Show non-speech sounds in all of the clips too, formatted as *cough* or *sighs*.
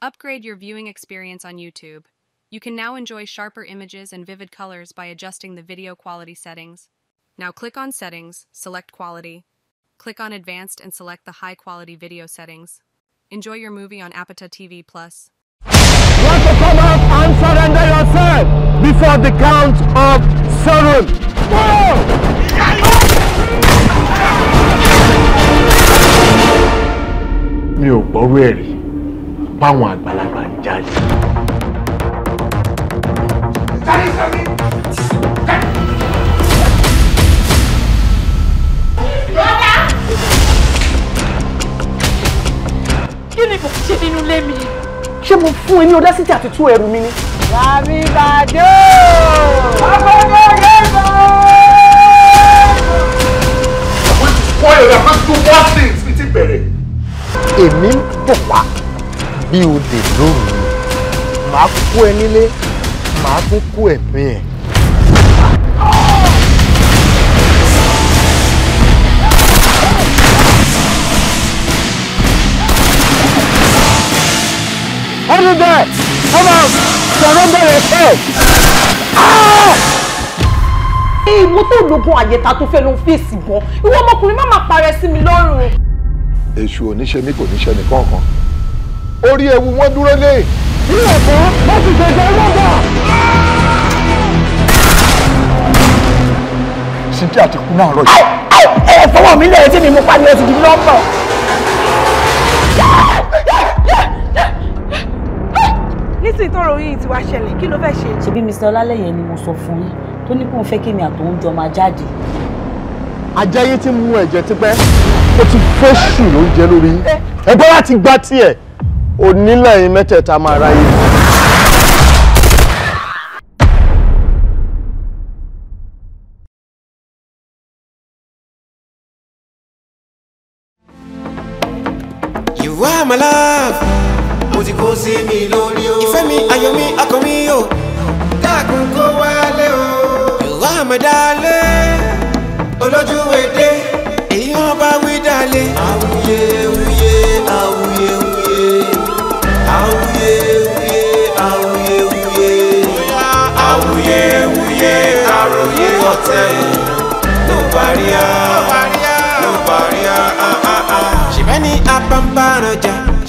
Upgrade your viewing experience on YouTube. You can now enjoy sharper images and vivid colors by adjusting the video quality settings. Now click on Settings, select Quality. Click on Advanced and select the High Quality Video settings. Enjoy your movie on Apata TV+. Plus. Want to come out and surrender yourself before the count of seven. Four! You're páwọn àgbàlagbà ń jalè. kí ni mo ṣe nínú ilé mi. ṣé mo fún ẹ ní ọdásítì àti tú ẹrù mi ni. rami bàdó. abọ́dé yẹ́bọ̀. àwọn ti spoil ọ̀dà fún two more things bẹ̀rẹ̀. èmi ń bọ̀ wá bí olè lóru màá kó ẹ nílé màá tún kó ẹ̀mí ẹ̀. Hold it there! Come out! Surrender yourself! Ah! ìwọ tó lògùn àyètà tó fẹ́ ló ń fèsì bọ́ ìwọ ọmọkùnrin má máa parẹ́ sí mi lọ́rùn. èṣù oníṣẹ́ mi kò níṣẹ́ nìkan kan orí ewu wọn dúró lé. nígbà tó wọ́n ti tẹ̀sẹ̀ lọ́gbà. sídìí àti kú náà rọjò. ẹ ẹ fọwọ́ mi lẹ́yìn tí mi mú pariwo ti di nọ́mbà. nísìnyí tọrọ yìí ti wá ṣẹlẹ̀ kí ló fẹ́ ṣe. ṣebí Mr Ọlálẹyẹ ni mo sọ fún yín tó ní kóun fẹ́ kémi àtòun jọ máa jáde. ajayé ti mu ẹ̀jẹ̀ tipẹ́ ó ti fẹ́ ṣù ló ń jẹ lórí eh. ẹ bọ́lá ti gbá tiẹ̀ onílẹ̀ yìí mẹ́tẹ̀ẹ̀ta máa ráyè. You are my love. mo ti kó sí mi lórí o. ìfẹ́ mi ayọ̀ mi akọ mi o. dákun kó wálé o. You are my darling. olójú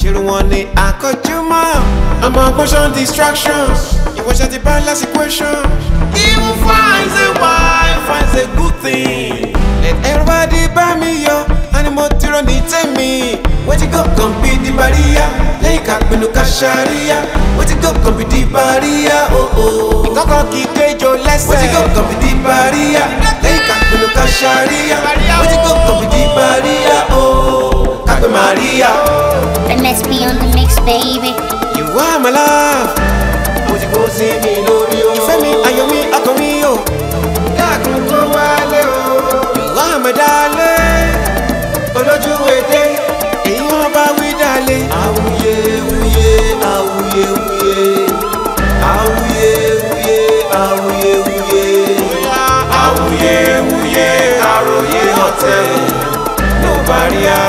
irú wọn ni àkọ́júmọ́ àmọ́ motion distractions ìwọ ṣe ti balance equation. even finds say why finds say good thing. let everybody bá mi yọ àní mo ti rọ ní tèmi wọ́n ti gọ́ di bàríyá lẹ́yìn ká pinnu ká ṣàríyá wọ́n di bàríyá òhò. ìkọ́kọ́ kì í kéjọ lẹ́sẹ̀. wọ́n ti gọ́ di bàríyá lẹ́yìn ká pinnu ká ṣàríyá wọ́n di bàríyá òhò. kápẹ́ màríyá. MSP on the mix baby. You are my love. mo ti kó sí mi lórí o. ìfẹ́ mi ayọ̀ mi ọkàn mi o. dáàkùn kó wálé o. You are my darling. olójú wálé. awuyewuye awuyewuye awuyewuye awuyewuye awuyewuye àròyé ọ̀tẹ̀ ló bá rí a.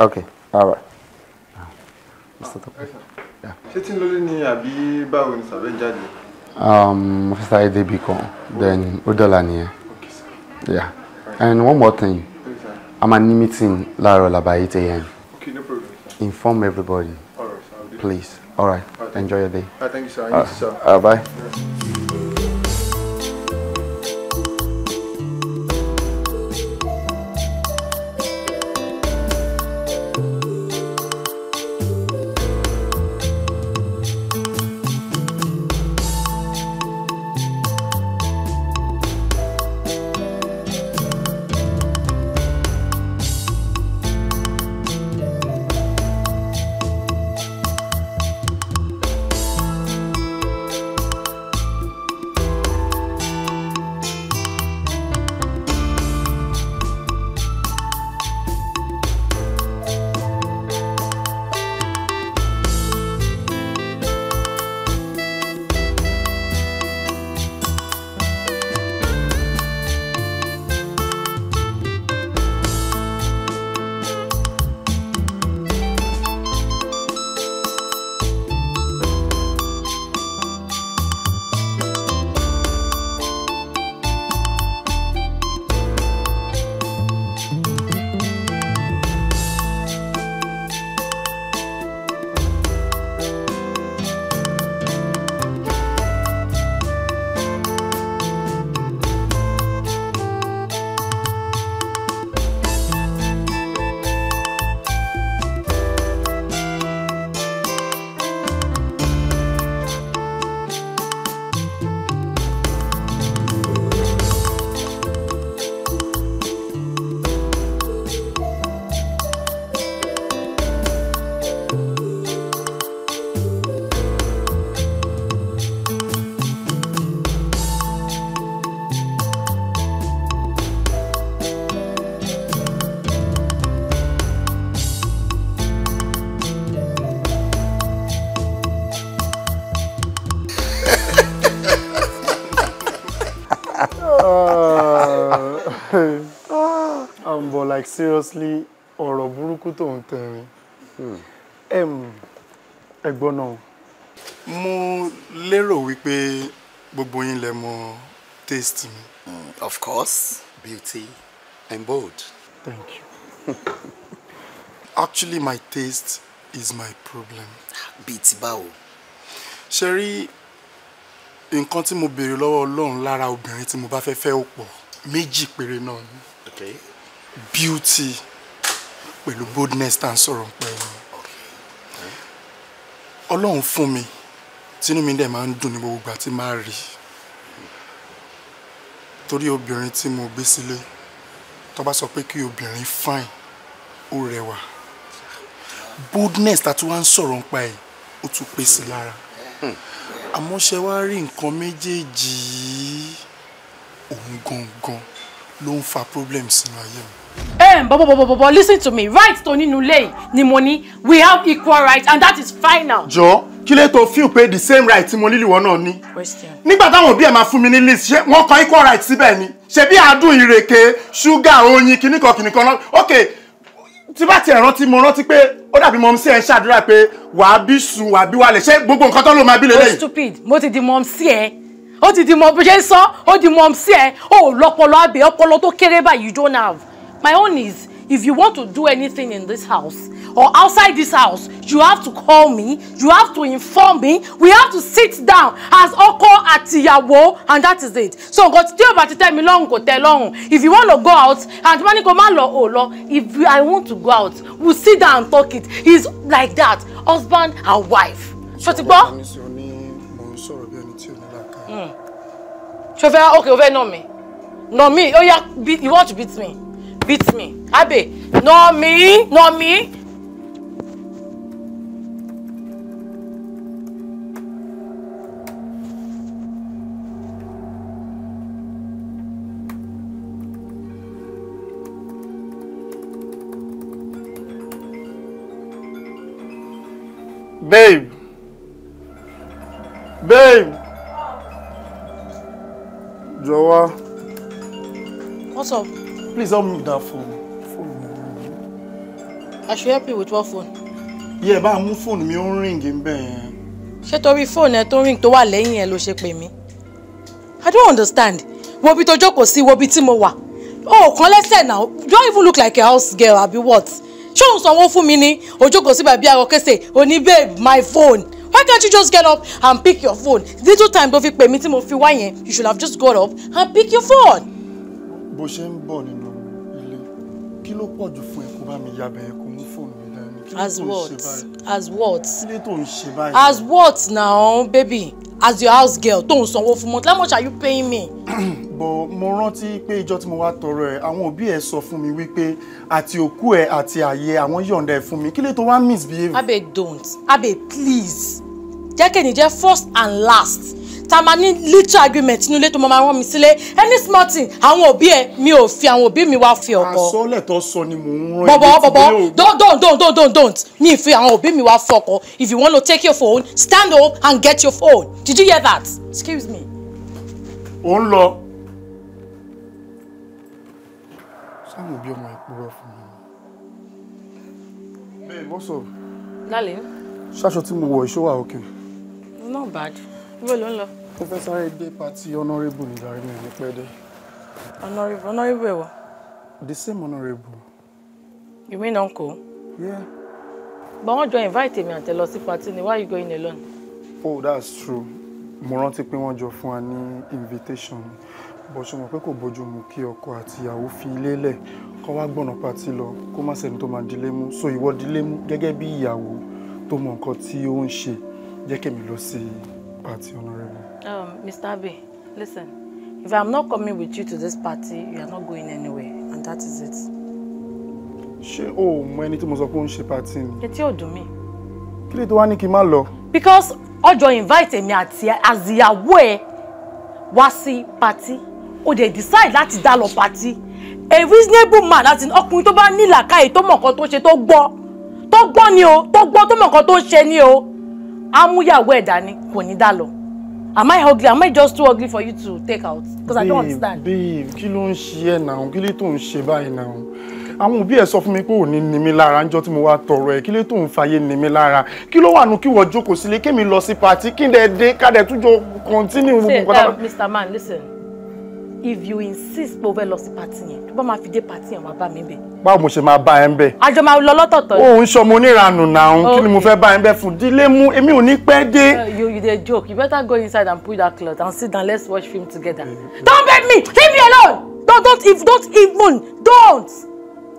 okay all right. ṣé tí n lólé ni àbí báwo ni sàbẹ̀ jáde. Um, mo fẹ́ sáré débi kan then ó dọ̀là nìyẹn yeah and one more thing i'm an meeting láàárọ̀ làbà 8 a.m. okay no problem inform everybody all right, please all right, enjoy your day. thank you sir. I need to, sir. Uh, bye. like seriously ọ̀rọ̀ burúkú tó ń tẹ̀rín hmm. ẹ̀gbọ́n náà. mo lérò wípé gbogbo yín lè mọ taste mi. Hmm, of course beauty and bold. thank you. *laughs* actually my taste is my problem. Beauty, ti Sherry, ṣe rí nǹkan tí mo béèrè lọ́wọ́ ọlọ́run lára obìnrin tí mo ba fe fe ó pọ̀ méjì péré ni. okay beauty pẹ̀lú boldness tá à ń sọ̀rọ̀ pẹ̀lú ọlọ́run fún mi tínú mi dẹ̀ máa ń dùn ní gbogbo ìgbà tí máa rí torí obìnrin tí mo gbé sílé tó bá sọ pé kí obìnrin fine ó rẹwà boldness tá a tún wá ń sọ̀rọ̀ nípa ẹ̀ ó tún pè sí lára àmọ́ ṣe wá rí nǹkan méjèèjì yìí òun gangan ló ń fa problem sínú ayé mi um, bọ́ bọ́ bọ́ bọ́ bọ́ listen to me right Tony nínú ilé we have equal rights and that is final. Joe, kí lè tó feel pé the same right tí mo lílì wọ náà ní. nígbà táwọn òbí ẹ̀ máa list ṣé wọ́n equal rights síbẹ̀ ni ṣebí àádùn ìrèké ṣúgà oyin kìnnìkan kìnnìkan náà ok tí bá ti rántí mo rántí pé ó dàbí mọ̀ sí ẹ̀ ń ṣàdúrà pé wàá bí sùn wàá bí wàlẹ̀ ṣé gbogbo oh, stupid mo ti di mọ̀ sí ẹ ó ti di mọ̀ bó ṣe ń sọ ó di mọ̀ sí ẹ ó lọ́pọlọ àbẹ̀ ọpọlọ you don't have My own is, if you want to do anything in this house or outside this house, you have to call me, you have to inform me, we have to sit down as ọkọ àti and that is it. So nǹkan still about to tell me long go tell long. If you want to go out and money kò má lọ ò If I want to go out, we'll sit down and talk it. He's like that, husband and wife. Ṣo ti gbọ́? Ṣo hmm. okay o fẹ́ nà mí? Nà mí ó you want to beat me? beat me. Abe, Not me, not me. Babe. Babe. Jọ̀wọ́. What's up? Please help me with that phone. phone. I should help you with what phone? Yeah, but a mú phone, my own ring in bed. yẹn. Ṣé torí fóònù ring tó wà Laying ẹ ló ṣe pè I don't understand. Wo ibi tó jókòó sí, wo ibi tí mo wà. O kàn lẹ́sẹ̀ náà, you don't even look like a house girl be what? Ṣé òun sanwó fún mi ní ojókòó sí by àrò okay. Say, ní babe my phone. Why can't you just get up and pick your phone? Little time tó fi pè mí tí mo fi you should have just got up and pick your phone. Bó ṣe ń bọ̀ kí ló pọ̀ jù fún ẹ bá mi yabẹ̀ ẹ kó mú fóònù mi dání kí ló tó ń ṣe báyìí. as what as what. kí ló tó ń ṣe báyìí. as what now baby as your house girl tó ń sanwó fún month how much are you paying me. *clears throat* bọ̀ mo rántí pé ìjọ tí mo wá tọrọ ẹ àwọn òbí ẹ sọ fún mi wípé àti òkú ẹ àti àyè àwọn yọ̀ǹda ẹ fún mi kí ló tó wá misbehave. abe don't abe please jẹ́ kẹ́ni jẹ́ first and last ta ma ní literal agreement nílé tó máa rán mi sílé any small thing àwọn òbí ẹ mi ò fi àwọn òbí mi wá fi ọkọ. àsọlẹ̀ tó sọ ni mò ń rán ẹgbẹ́ tí bẹ́ẹ̀ o. don't don't don't don't don't don't mi fi àwọn òbí mi wá fi ọkọ if you wan to take your phone stand up and get your phone did you hear that excuse me. ò ń lọ. sáwọn òbí ọmọ ìpúrọ fún mi. babe what's up. lálẹ́. ṣáṣọ tí mo wọ ìṣó wà òkè. not bad. Bó ló ń lọ? Professor, fẹ́ party dé pati honourable ní ìdarí mi honourable honourable ẹ̀wọ̀. the same honourable. you mean uncle. yeah. but wọ́n you invite me and tell us pati party, why are you going alone. oh that's true mo rántí pé wọ́n jọ fún wa invitation but ṣe mọ̀ pé kò bójú mu kí ọkọ àti ìyàwó fi ilé lẹ̀ kó wá gbọ̀nà pàtí lọ kó má sẹ́ni tó máa dilé mú so ìwọ dilé mú gẹ́gẹ́ bí ìyàwó tó mọ nǹkan tí ó ń ṣe jẹ́ kẹ́mi lọ sí pàtí ọ̀nà Um, Mr. Abe, listen. If I'm not coming with you to this party, you are not going anywhere. And that is it. She, oh, mọ ẹni tí mo sọ pé ó ń ṣe party ni? Etí ò dùn mí. Kí ló tó wá ní kí n má lọ? Because ọjọ́ invite èmi party. O they decide that is lọ party. A reasonable man àti ọkùnrin tó bá ní làákàyè kai to nǹkan tó ṣe tó gbọ́. Tó gbọ́ ni o, to gbọ́ to mọ̀ nǹkan tó ni o. Amúyàwó ẹ̀ dání kò ní dá am i ugly am i just too ugly for you to take out because i don't understand. babe kí ló ń ṣe ẹ náà kí ló tó ń ṣe báyìí náà àwọn òbí ẹ sọ fún mi pé ò ní ní mi lára níjọ́ tí mo wá tọrọ ẹ kí ló ń fàyè ní mi lára kí ló wà nù kí wọ́n jókòó sílé kémi lọ sí pàtí kí n dẹ̀ dé ká tún jọ continue. say mr um, man listen if you insist pé o fẹ́ lọ sí pàtì yẹn tó bá máa fi dé pàtì yẹn wàá bá mi bẹ̀. báwo mo ṣe máa bá ẹ ń bẹ. àjọ máa lọ lọ́tọ̀ọ̀tọ̀. òun sọ mo níranù náà kí ni mo fẹ́ bá ẹ ń bẹ fún dílé mú èmi ò ní pẹ́ dé. Uh, you you dey joke you better go inside and pull that cloth and sit down let's watch film together. don't beg me leave me alone don't don't if don't even don't.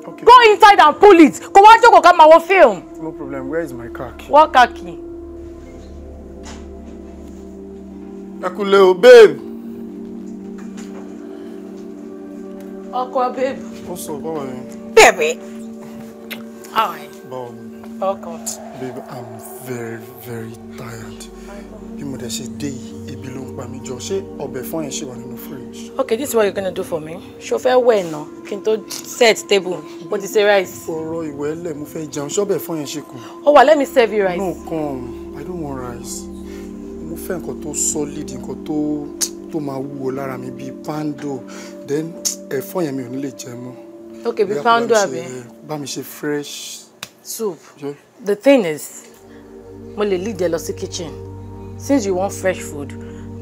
Okay. go inside and pull it kò wá jókòó ká máa wọ film. no problem where is my car key. wọ́n ká kí. ẹ kú lé o babe. ọkọ bébù. ó sọ báwo ni. bèbè. báwo ni. ọkọ. babe i'm very very tired bí mo dẹ̀ ṣe dé yìí ebi ló ń pa mí jọ ṣé ọbẹ̀ fún yẹn ṣì wà nínú fridge. okay this is what you're gonna do for me ṣo fẹ́ wẹ̀ ná kí n tó set table bó ti ṣe rice. ọ̀rọ̀ ìwẹ̀ ẹlẹ̀ mo fẹ́ jẹun ṣọ́bẹ̀ fún yẹn ṣe kù. ó oh, wá let me serve you rice. no come i don't want rice mo fẹ́ nǹkan tó solid nǹkan tó tó máa wúwo lára mi bíi pando then ẹ̀fọ́ yẹn mi ò ní lè jẹ mọ́. ok bí poundo àbí. bá mi ṣe fresh. soup yeah. the thing is mo lè lead ẹ lọ sí kitchen since you want fresh food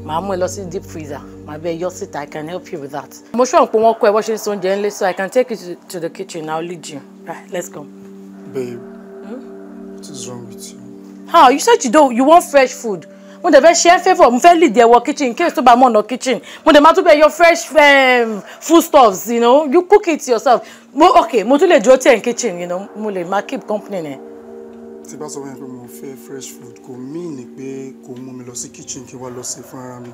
màá mú ẹ lọ sí deep freezer màá bẹ yọ síta i can help you with that. mo ṣọ́ pé wọ́n kọ́ ẹ bó ṣe ń sọ oúnjẹ ńlẹ̀ so i can take you to the kitchen i'll lead you right let's go. babe hmm? what is wrong with you. how you said you don't you want fresh food mo dẹ̀ fẹ́ share é favour mo fẹ́ lead their wọ kitchen in case tó bá mọ̀ no kitchen mo dẹ̀ máa tún bẹ yọ fresh um, stuffs, you know you cook it yourself mo okay, mo tún lè dúró tẹ̀ in kitchen you know mo lè máa keep company nìyẹn tí bá sọ fún pé mo fẹ́ fresh food kò mean pé kò mú mi lọ sí kitchen kí wá lọ sí fún ara mi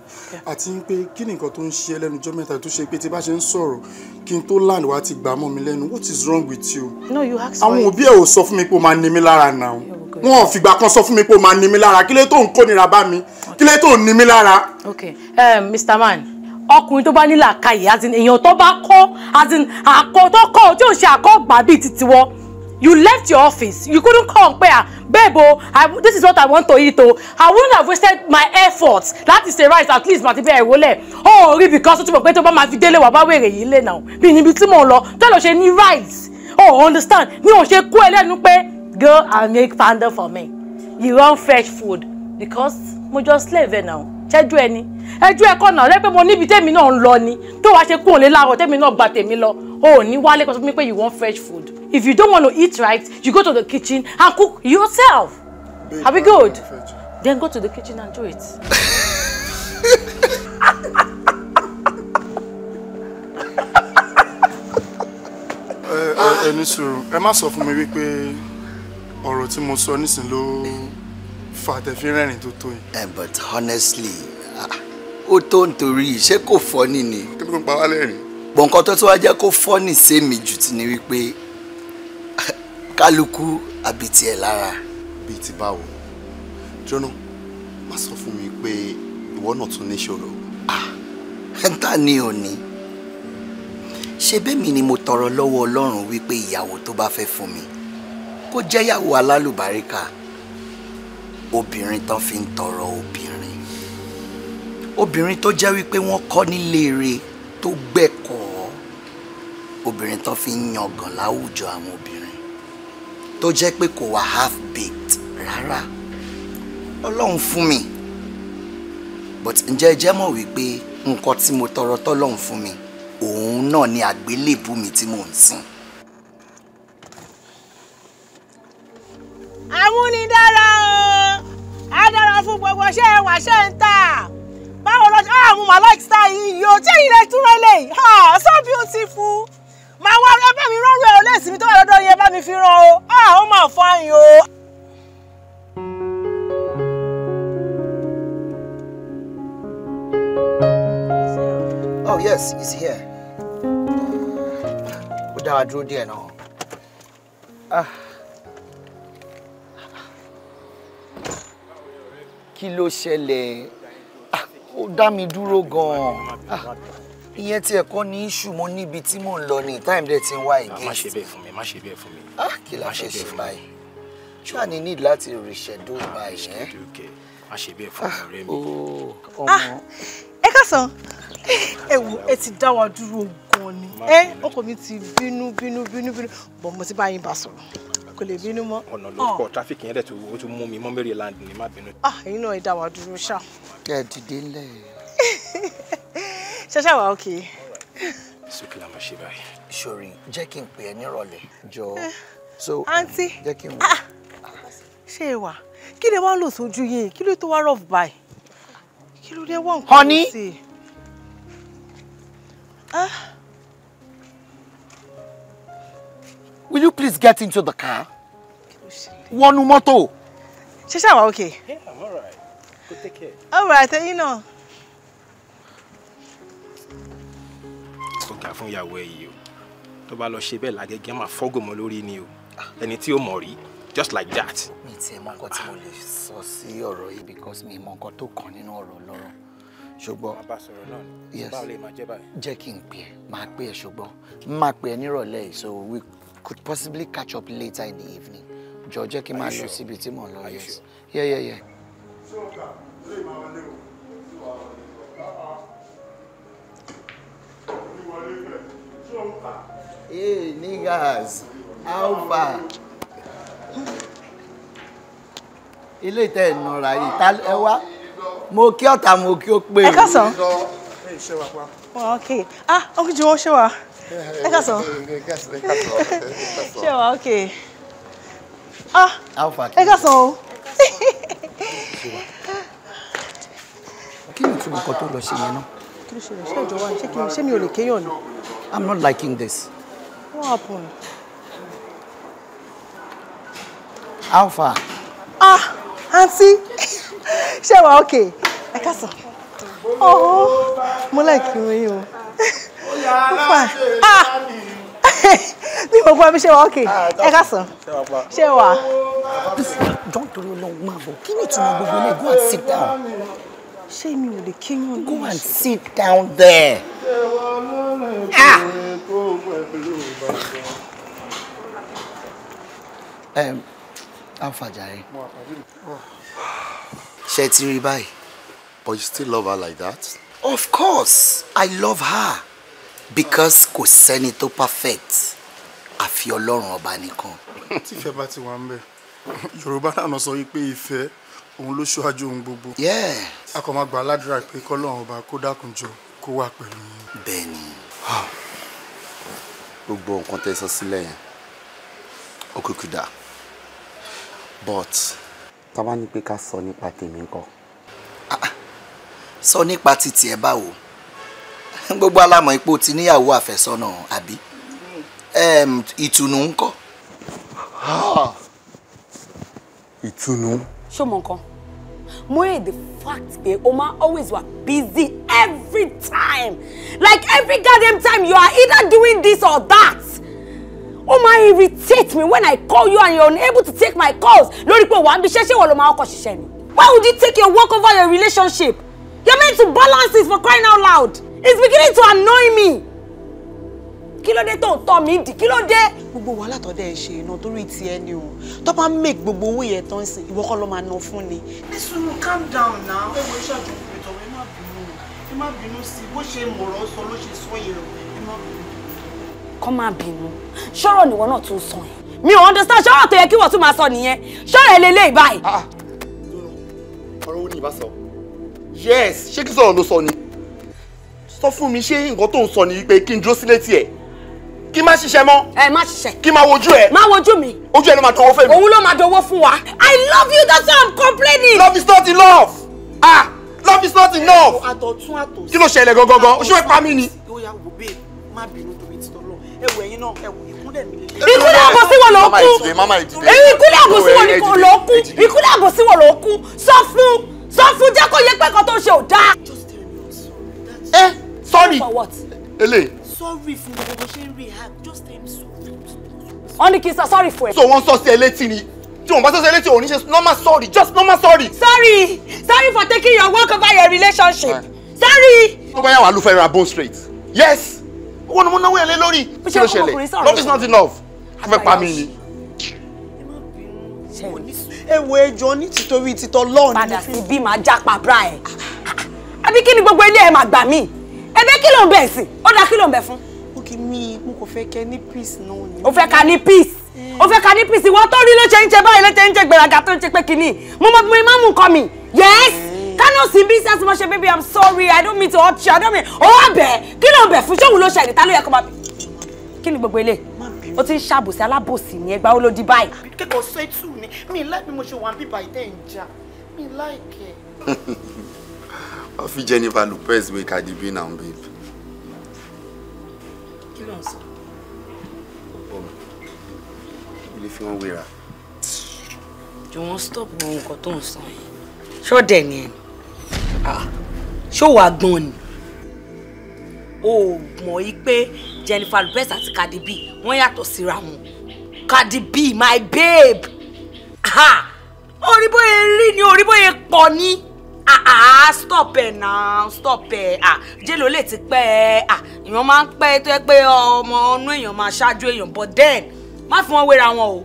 àti pé kí ni nǹkan tó ń ṣe ẹlẹ́nu mẹ́ta tó ṣe pé tí bá ṣe ń sọ̀rọ̀ kí n tó land wá ti gbà mọ́ mi lẹ́nu what is wrong with you. no you ask for it. àwọn òbí ẹ̀ ò sọ fún mi pé o máa ní mi lára now wọn ò fìgbà kan sọ fún mi pé o máa ní mi lára kí lè tó ń kónira bá mi kí lè tó ń ní mi lára. okay Mr. Um, Man ọkùnrin tó bá nílà kàyè àti èèyàn tó bá kọ́ àti àkọ́ tó kọ́ tí ò ṣe àkọ́ gbà bíi titiwọ́ you left your office you couldn't come pé ah babe o I, this is what i want to eat Oh, i wouldn't have wasted my efforts is the rice at least màtí bẹ́ẹ̀ wọlé ó rí because ó ti mọ̀ to tó bá máa fi délé wà bá wèrè yìí lè náà bí níbi tí mò ń lọ tẹ́lọ̀ ṣe ní rice oh understand ní òun ṣe kú ẹlẹ́nu pé girl and make panda for me you run fresh food because mo just slave now ṣẹ́jú ẹni ẹjú ẹ kọ̀nà rẹ pé mo níbi tèmi náà ń lọ ni tó wàá ṣe kúrò lé láàárọ̀ tèmi náà gba tèmi lọ o ò ní wálé kọ́sọ́ fún mi pé you want fresh food if you don't want to eat right you go to the kitchen and cook yourself are we good then go to the kitchen and do it. ẹ *laughs* eh, eh, eh, ní sùúrù ẹ má sọ fún mi wípé ọ̀rọ̀ tí mo sọ nísìnyí ló fà á tẹ fi rẹ́rìn tó tó yìí. ẹ eh, but honestly ah, ó tó nítorí ṣé kò fọ́nì ni. kí ló ń pa wá lẹ́rìn. gbọ̀ǹkan tó tó wá jẹ́ kó fọ́nì sẹ́mi jù ti ni wípé *laughs* kálukú àbí tiẹ̀ lára. bíi ti báwo jọ́nà má sọ fún mi pé ìwọ náà tún níṣòro. Ah, ẹ̀ńtà ni ò ní ṣe bẹ́mi ni mo tọrọ lọ́wọ́ ọlọ́run wípé ìyàwó tó bá fẹ́ fún mi kó jẹ́yàwó alálùbáríkà obìnrin tán fi ń tọrọ obìnrin obìnrin tó jẹ́ wípé wọ́n kọ́ nílé re tó gbẹ̀kọ́ obìnrin tán fi ń yangàn láwùjọ àwọn obìnrin tó jẹ́ pé kò wá half baked rárá ọlọ́run fún mi but ǹjẹ́ ẹ jẹ́ mọ̀ wípé nǹkan tí mo tọrọ tọ́lọ́run fún mi òun náà ni àgbélébù mi tí mò ń sìn. amúnidára o á dára fún gbogbo ṣé ẹ wà ṣé ń tà báwo lọ ah mo mà like yìí yìí o ilé túnrọ lè so beautiful màá wá bá mi rán rẹ o lè sinmi tó wà lọ́dọ̀ yẹn bá mi fi rán o ah, ó mà fine o. Oh yes, he's here. Ó dára dúró díẹ̀ náà. Ah. kí ló ṣẹlẹ̀ ah, ó dá mi dúró gan-an ah, ìyẹn tí ẹ̀kọ́ ní ìṣù mo níbi tí mò ń lọ ní time dẹ̀ ti ń wá ìgé. Ah, má ṣe bẹ́ẹ̀ fún mi má ṣe bẹ́ẹ̀ fún mi. kí la fẹ́ ṣe báyìí ṣáà ní need láti rìṣẹ̀dó báyìí. Eh? má ṣe bẹ́ẹ̀ fún ọ̀rẹ́ mi. Oh, ẹ káàsán *laughs* ẹ wo ẹ ti dá wa dúró gan-an ni ẹ eh, ọkọ mi ti bínú bínú bínú bínú bọ̀ mo ti bá yín bá sọ̀rọ̀ kò lè bínú mọ́. ọ̀nà ló pọ̀ tráfíkì yẹn dẹ̀ tó o tún mú mi mọ́ Maryland ní má bínú. ah èyí náà ẹ dá wa dúró ṣá. ẹ dìde ńlẹ̀. ṣẹṣẹ wa òkè. sókè la máa ṣe báyìí. sori jẹ́ kí n pè ẹ́ nírọ̀lẹ́ jọ. Eh, so àǹtí ah! ṣé ẹ wà kí lè wá lò sójú yìí kí ló tó wá rough by kí ló dé wọ́n nǹkan sí i. Ah! honey. will you please get into the car? One moto. ṣé okay. yeah i'm alright go take care. All right, you know. So, fún ìyàwó ẹ yìí o tó bá lọ ṣe bẹ́ẹ̀ lágẹ́gẹ́ máa fọ́gòmọ́ ni o ẹni tí ó mọ̀ just like that. mi ti ẹ mọ nǹkan mo lè sọ sí ọ̀rọ̀ because mi mọ nǹkan tó kàn Shobo. ọ̀rọ̀ lọ́rọ̀ ṣùgbọ́n yes jẹ́ kí n pè ẹ́ máa pè ẹ́ ṣùgbọ́n máa pè ẹ́ nírọ̀lẹ́ yìí so we could possibly catch up later in the evening jọ jẹ́ kí n máa lọ síbi yeah yeah yeah. Hey, niggas, how far? Ilé ìtẹ́ ìnura yìí, ẹ wá, mo kí ọ̀tá mo kí ó pè é. Ẹ kásán. Ẹ ṣe wà Wà ok. Ah, ọkùnrin jù wọ́n ṣé wà. Ẹ kà sọ. Ṣé wà Ah, ẹ kà sọ o. Kí ni ìtumọ̀ kan tó I'm not liking this. What happened? Alpha. Ah, aunty, ṣé wà ok? Ẹ kà sọ. Oh, mo like you, you. Fine. *laughs* Ah! Mi mo *laughs* pa mi ṣe wa okay. Ah, ẹ ká sọ. Don't do no ma bo. Kí ni tí mo gbogbo le go and sit down. Shame mi ò lè kiyan. Go and sit down there. Ah. Um, I'm jàre. Ṣé ti rí But you still love her like that? Of course, I love her. Because kò sẹ́ni tó perfect àfi Ọlọ́run ọba nìkan. Tífẹ́ bá ti wà ń bẹ̀, Yorùbá náà sọ wípé ìfẹ́ òun ló ṣáájú ohun gbogbo. A kò máa gba aládùúrà pé kọ́lọ́run ọba kó dákun jọ kó wà pẹ̀lú yín. Bẹ́ẹ̀ni. Ah. Gbogbo nǹkan tẹ́ sọ sílẹ̀ yẹn, ó kúkú dà. But. Tá a bá ní pé ká sọ nípa tèmi ńkọ́ sọ nípa títì ẹ báwo *laughs* gbogbo alámọ̀ ipò ti níyàwó àfẹ́sọ́nà àbí ìtùnú ńkọ́. *gasps* ìtùnú. ṣó mọ nǹkan mo hate the fact pé o máa always wa busy every time like every goddamn time you are either doing this or that ó máa irritate me when I call you and you are unable to take my calls lórí pé wàá bí iṣẹ́ ṣé wọ́n ló máa ọkọ̀ ṣiṣẹ́ ni why would you take your work over your relationship You're meant to balance this for crying out loud. It's beginning to annoy me. Kilo de to tó ń tọ́ mi dì? Kí ló dé? Gbogbo wàhálà tó dẹ̀ ń ṣe iná ti ẹ o. Tó bá make gbogbo owó yẹn tán sí, ìwọ kọ́ ló máa ná fún ni. Nísùnú calm down now. Ẹ wo iṣẹ́ àjọ ìpètọ̀ ẹ má bínú. Ẹ má bínú sí bó ṣe mọ̀rọ̀ sọ ló ṣe sọ yẹn o. Ẹ má bínú. Kọ́ máa bínú. Ṣọ́rọ̀ nìwọ náà tún sọ ẹ̀. Mi ò understand ṣọ́rọ̀ to yẹ kí wọ́n tún máa sọ nìyẹn. Ṣọ́rọ̀ ẹ lélẹ́yìí báyìí. Ah, ah. Ọ̀rọ̀ wo ni ìbá sọ? yes ṣé kí sọ̀rọ̀ ló sọ ni sọ fún mi ṣé nǹkan tó ń sọ ni pé kí n dúró sílé tiẹ̀ kí má ṣiṣẹ́ mọ́. ẹ má ṣiṣẹ́. kí má wojú ẹ. má wojú mi. ojú ẹ ló máa dánwó fún mi. òun ló máa dánwó fún wa. i love you that's why i'm complaining. love is not enough. ah love is not enough. àtọ̀tún àtọ̀sí. kí ló ṣẹlẹ̀ gangan o ṣé wẹ́ẹ́ pa mí ni. ó yà wò bẹ́ẹ̀ má bínú torí ti tọ́lọ́ ẹ wò ẹ̀yin náà ẹ wò ìkúnlẹ̀ mi lè. ìkúnlẹ̀ àbọ̀ ló kú. ìkúnlẹ̀ àbọ̀ ló kú. ìkúnlẹ̀ àbọ̀ ló kú. sọ fún sọ fún jẹ́ kó yẹ pé kan tó ṣe ò dáa. ẹ eh, sorry ele. sorry fún gbogbo bó ṣe ń rehab just tell me sorry. wọ́n ní kí n sọ sorry fún ẹ. so wọ́n sọ sí ẹ létí ni tí wọn bá sọ sí ẹ létí òun ní ṣe normal sorry just normal sorry. sorry sorry for taking your work over your relationship sorry. tó bá yà wà ló ra bone straight yes owó ni mo náwó yẹn lé lórí kí ló ṣẹlẹ̀ love is not enough a fẹ́ pa mí ni. ṣe ẹ wo ẹjọ́ ní títorí títọ́ lọ́ọ̀ ni. padà sí bí màá jápa bra ẹ àbí kí ni gbogbo ilé ẹ máa gbà mí ẹbẹ kí ló ń bẹ sí ó dá kí ló ń bẹ fún. ó kì í mi mo kò fẹ́ kẹ ní peace náà ni. ó fẹ́ ka ní peace ó eh. fẹ́ ka ní peace ìwọ tó rí ló ṣe ń ṣe báyìí ló ṣe ń ṣe gbèrágà tó ń ṣe pé kínní mo mọ mi máa mú mi yes eh. kánò sí bí sẹ́sì mo ṣe baby i'm sorry i don't mean to hurt you i don't mean ó wà bẹ́ẹ̀ kí ló ń bẹ fún ṣé òun ló ṣe ìdí ta ló yẹ kó máa bẹ ó ti ń ṣàbòsí alábòsí ni ẹgbàá olódì báyìí. kẹ́kọ̀ọ́ ṣètù ni mi láì mo ṣe wà ń bíbá ìtẹ́ ń jà mi láìkẹ́. *laughs* wọ́n fi Jennifer Lopez wé Cardi B náà babe. kí ló ń sọ. ọ̀pọ̀ mi ilé fi wọ́n wéra. jọ̀wọ́n stop wọn nǹkan tó ń sọ yẹn ṣọ́ọ̀dẹ̀ ni ẹ̀ ah, ṣó wàá gbọ́n ni o ò mọ̀ pé Jennifer Lopez àti Cardi B wọ́n yàtọ̀ síra wọn Cardi B my babe ha orí bóyá rí ni orí bóyá ni ah ah stop ẹ na stop ẹ ah jélò lè ti pẹ́ ẹ ah èèyàn máa ń pẹ́ tó yẹ pé ọmọ ọnú èèyàn máa ṣáájú èèyàn but then má fi wọn wéra wọn o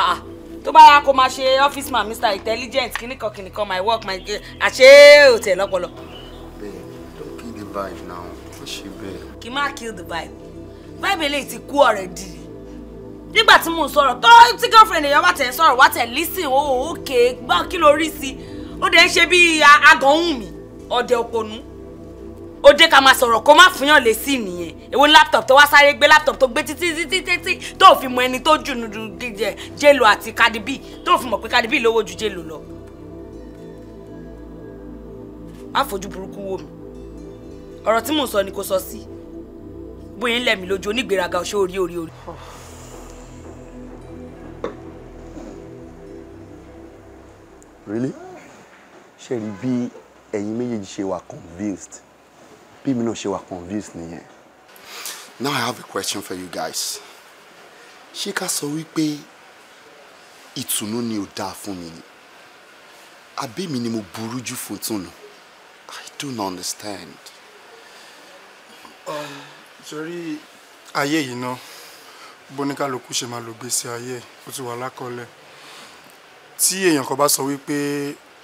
ah ah tó bá yà kó máa ṣe office man mr intelligent kìnnìkan kìnnìkan my work my àṣé òtẹ̀ lọ́pọlọ. bẹ́ẹ̀ don't kill the vibe now ó ṣe bẹ́ẹ̀. kì í má kill the vibe báyìí lè ti kú already nígbà tí mò ń sọ̀rọ̀ tó tí girlfriend èèyàn bá tẹ̀ sọ̀rọ̀ wá tẹ̀ lísìn o oh, òkè gbọ́ kí ló rí sí ó dẹ̀ ń ṣe bí agànhùn mi ọ̀dẹ̀ òpònú ó dé ká máa sọ̀rọ̀ kó má fúnyàn lè sí nìyẹn èwo laptop tó wá sáré gbé laptop tó gbé títí títí títí tó fi mọ ẹni tó jù nù díjẹ jélo àti kadibi tó fi mọ̀ pé kadibi lówó ju jélo lọ. má fojú burúkú wò mí ọ̀rọ̀ tí mò sọ ni kò sọ sí. Si bóyá ń lẹ̀mí lójú onígbèraga ọ̀ṣọ́ orí orí orí. really ṣe rí bí ẹ̀yin méjèèjì ṣe wà convinced bí èmi náà ṣe wà convinced nìyẹn. now i have a question for you guys ṣé ká sọ wípé ìtùnú ni ò dáa fún mi ni àbẹ́mi ni mo burú jù fún tùnú i don't understand. Um sórí ayé yìí náà bóníkàlùkù ṣe máa lò gbèsè ayé ó ti wà lákọọ́lẹ̀ tí èèyàn kan bá sọ wípé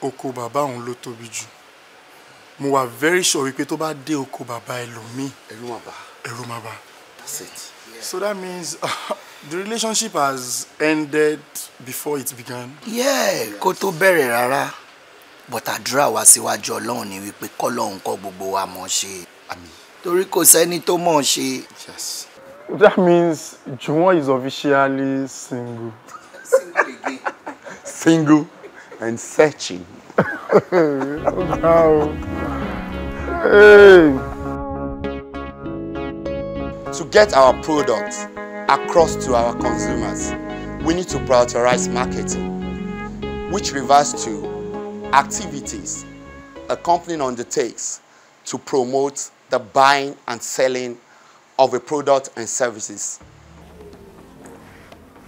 oko bàbá òun ló tóbi jù mo wà very sure wípé tó bá dé oko bàbá ẹlòmíì ẹ̀rù máa bà ẹ̀rù máa bà that's it so that means *laughs* the relationship has ended before it began. yeah kó tó bẹ̀rẹ̀ rárá but àdúrà wa síwájú ọlọ́run ni wípé kọ́lọ́run kọ́ gbogbo wa mọ̀ ṣe. àmín torí kò sẹ́ni tó mọ̀ ṣe. yes. that means Juwon is officially single. single again. single and searching. wow. hey. To get our products across to our consumers, we need to prioritize marketing, which refers to activities a company undertakes to promote the buying and selling of a product and services.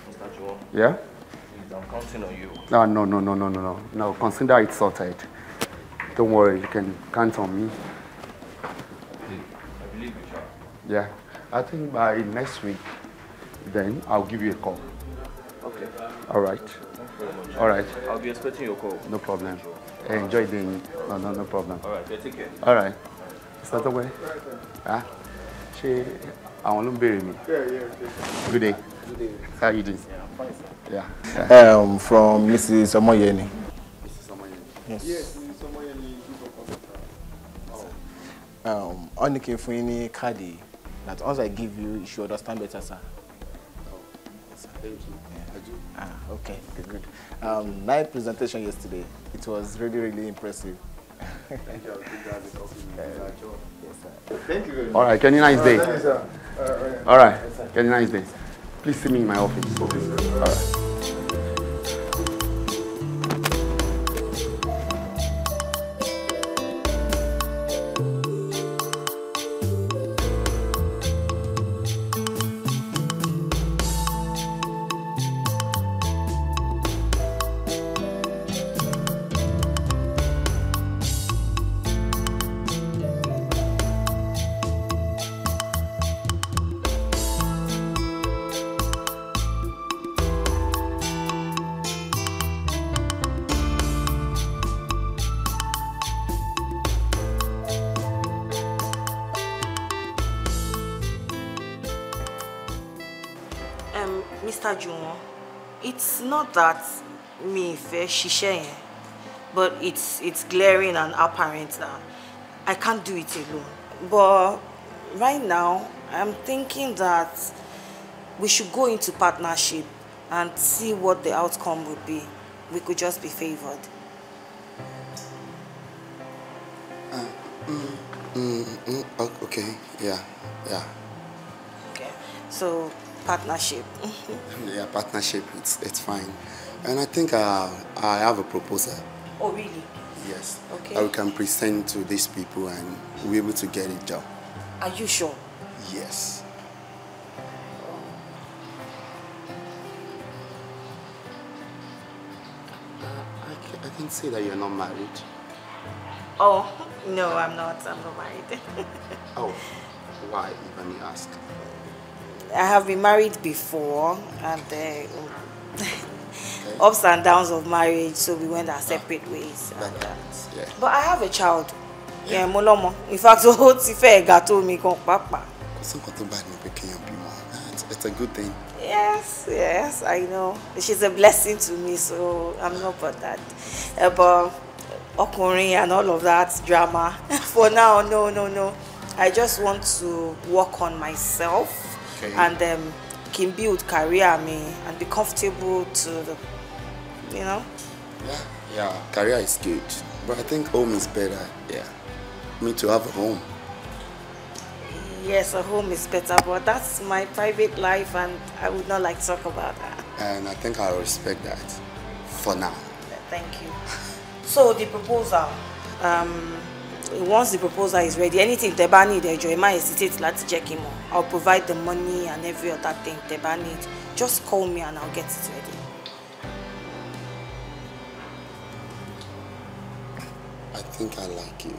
Mr. yeah? I'm counting on you. No, no, no, no, no, no, no. No, consider it sorted. Don't worry, you can count on me. I believe you, sir. Yeah. I think by next week, then I'll give you a call. Okay. All right. Thanks very much. All right. I'll be expecting your call. No problem. Enjoy the... No, no, no problem. All right. Take care. All right. She, Sọ́tọ́pẹ́, ah, ṣé àwọn ló ń yeah, yeah. Good day. Good day. How are you doing? Yeah, fine, sir. Yeah. Um, from Mrs. Omoyeni. Mrs. Omoyeni. Yes. Yes, Mrs. Omoyeni Um, ó ní kí n fún yín that once I give you, you should understand better, sir. Oh, sir. Thank you. Yeah. I do. Ah, okay, okay, good. Um, night presentation yesterday, it was really, really impressive. Thank you All right, can you nice day? All right, can you nice day? Please see me in my office. All right. that me fẹ́ ṣiṣẹ́ but it's it's glaring and apparent that I can't do it alone. But right now, I'm thinking that we should go into partnership and see what the outcome would be. We could just be favored. Uh, mm, mm, mm, mm okay, yeah, yeah. Okay, so partnership. *laughs* yeah, partnership, it's, it's fine. And I think uh, I have a proposal. Oh, really? Yes. Okay. That we can present to these people and we'll be able to get it done. Are you sure? Yes. Uh, I, I can say that you're not married. Oh, no, I'm not. I'm not married. *laughs* oh, why, if I may ask? I have been married before, and uh, *laughs* ups and downs of marriage, so we went our ah. separate ways. and, uh, yeah. But I have a child. Yeah, molomo. In fact, what if I got to mi kan papa? It's a good thing. Yes, yes, I know. She's a blessing to me, so I'm not for that. Uh, but ọkùnrin and all of that drama. *laughs* for now, no, no, no. I just want to work on myself. okay. and um, can build career me and be comfortable to the, you know. Yeah, yeah. Career is good, but I think home is better. Yeah, me to have a home. Yes, a home is better, but that's my private life, and I would not like to talk about that. And I think I respect that for now. Thank you. So the proposal. Um, once the proposal is ready anything tẹ́ bá need ẹjọ ẹ má hesitate láti jẹ́ kí n mọ̀ i will provide the money and every other thing tẹ́ bá need just call me and i will get it ready. i think i like you.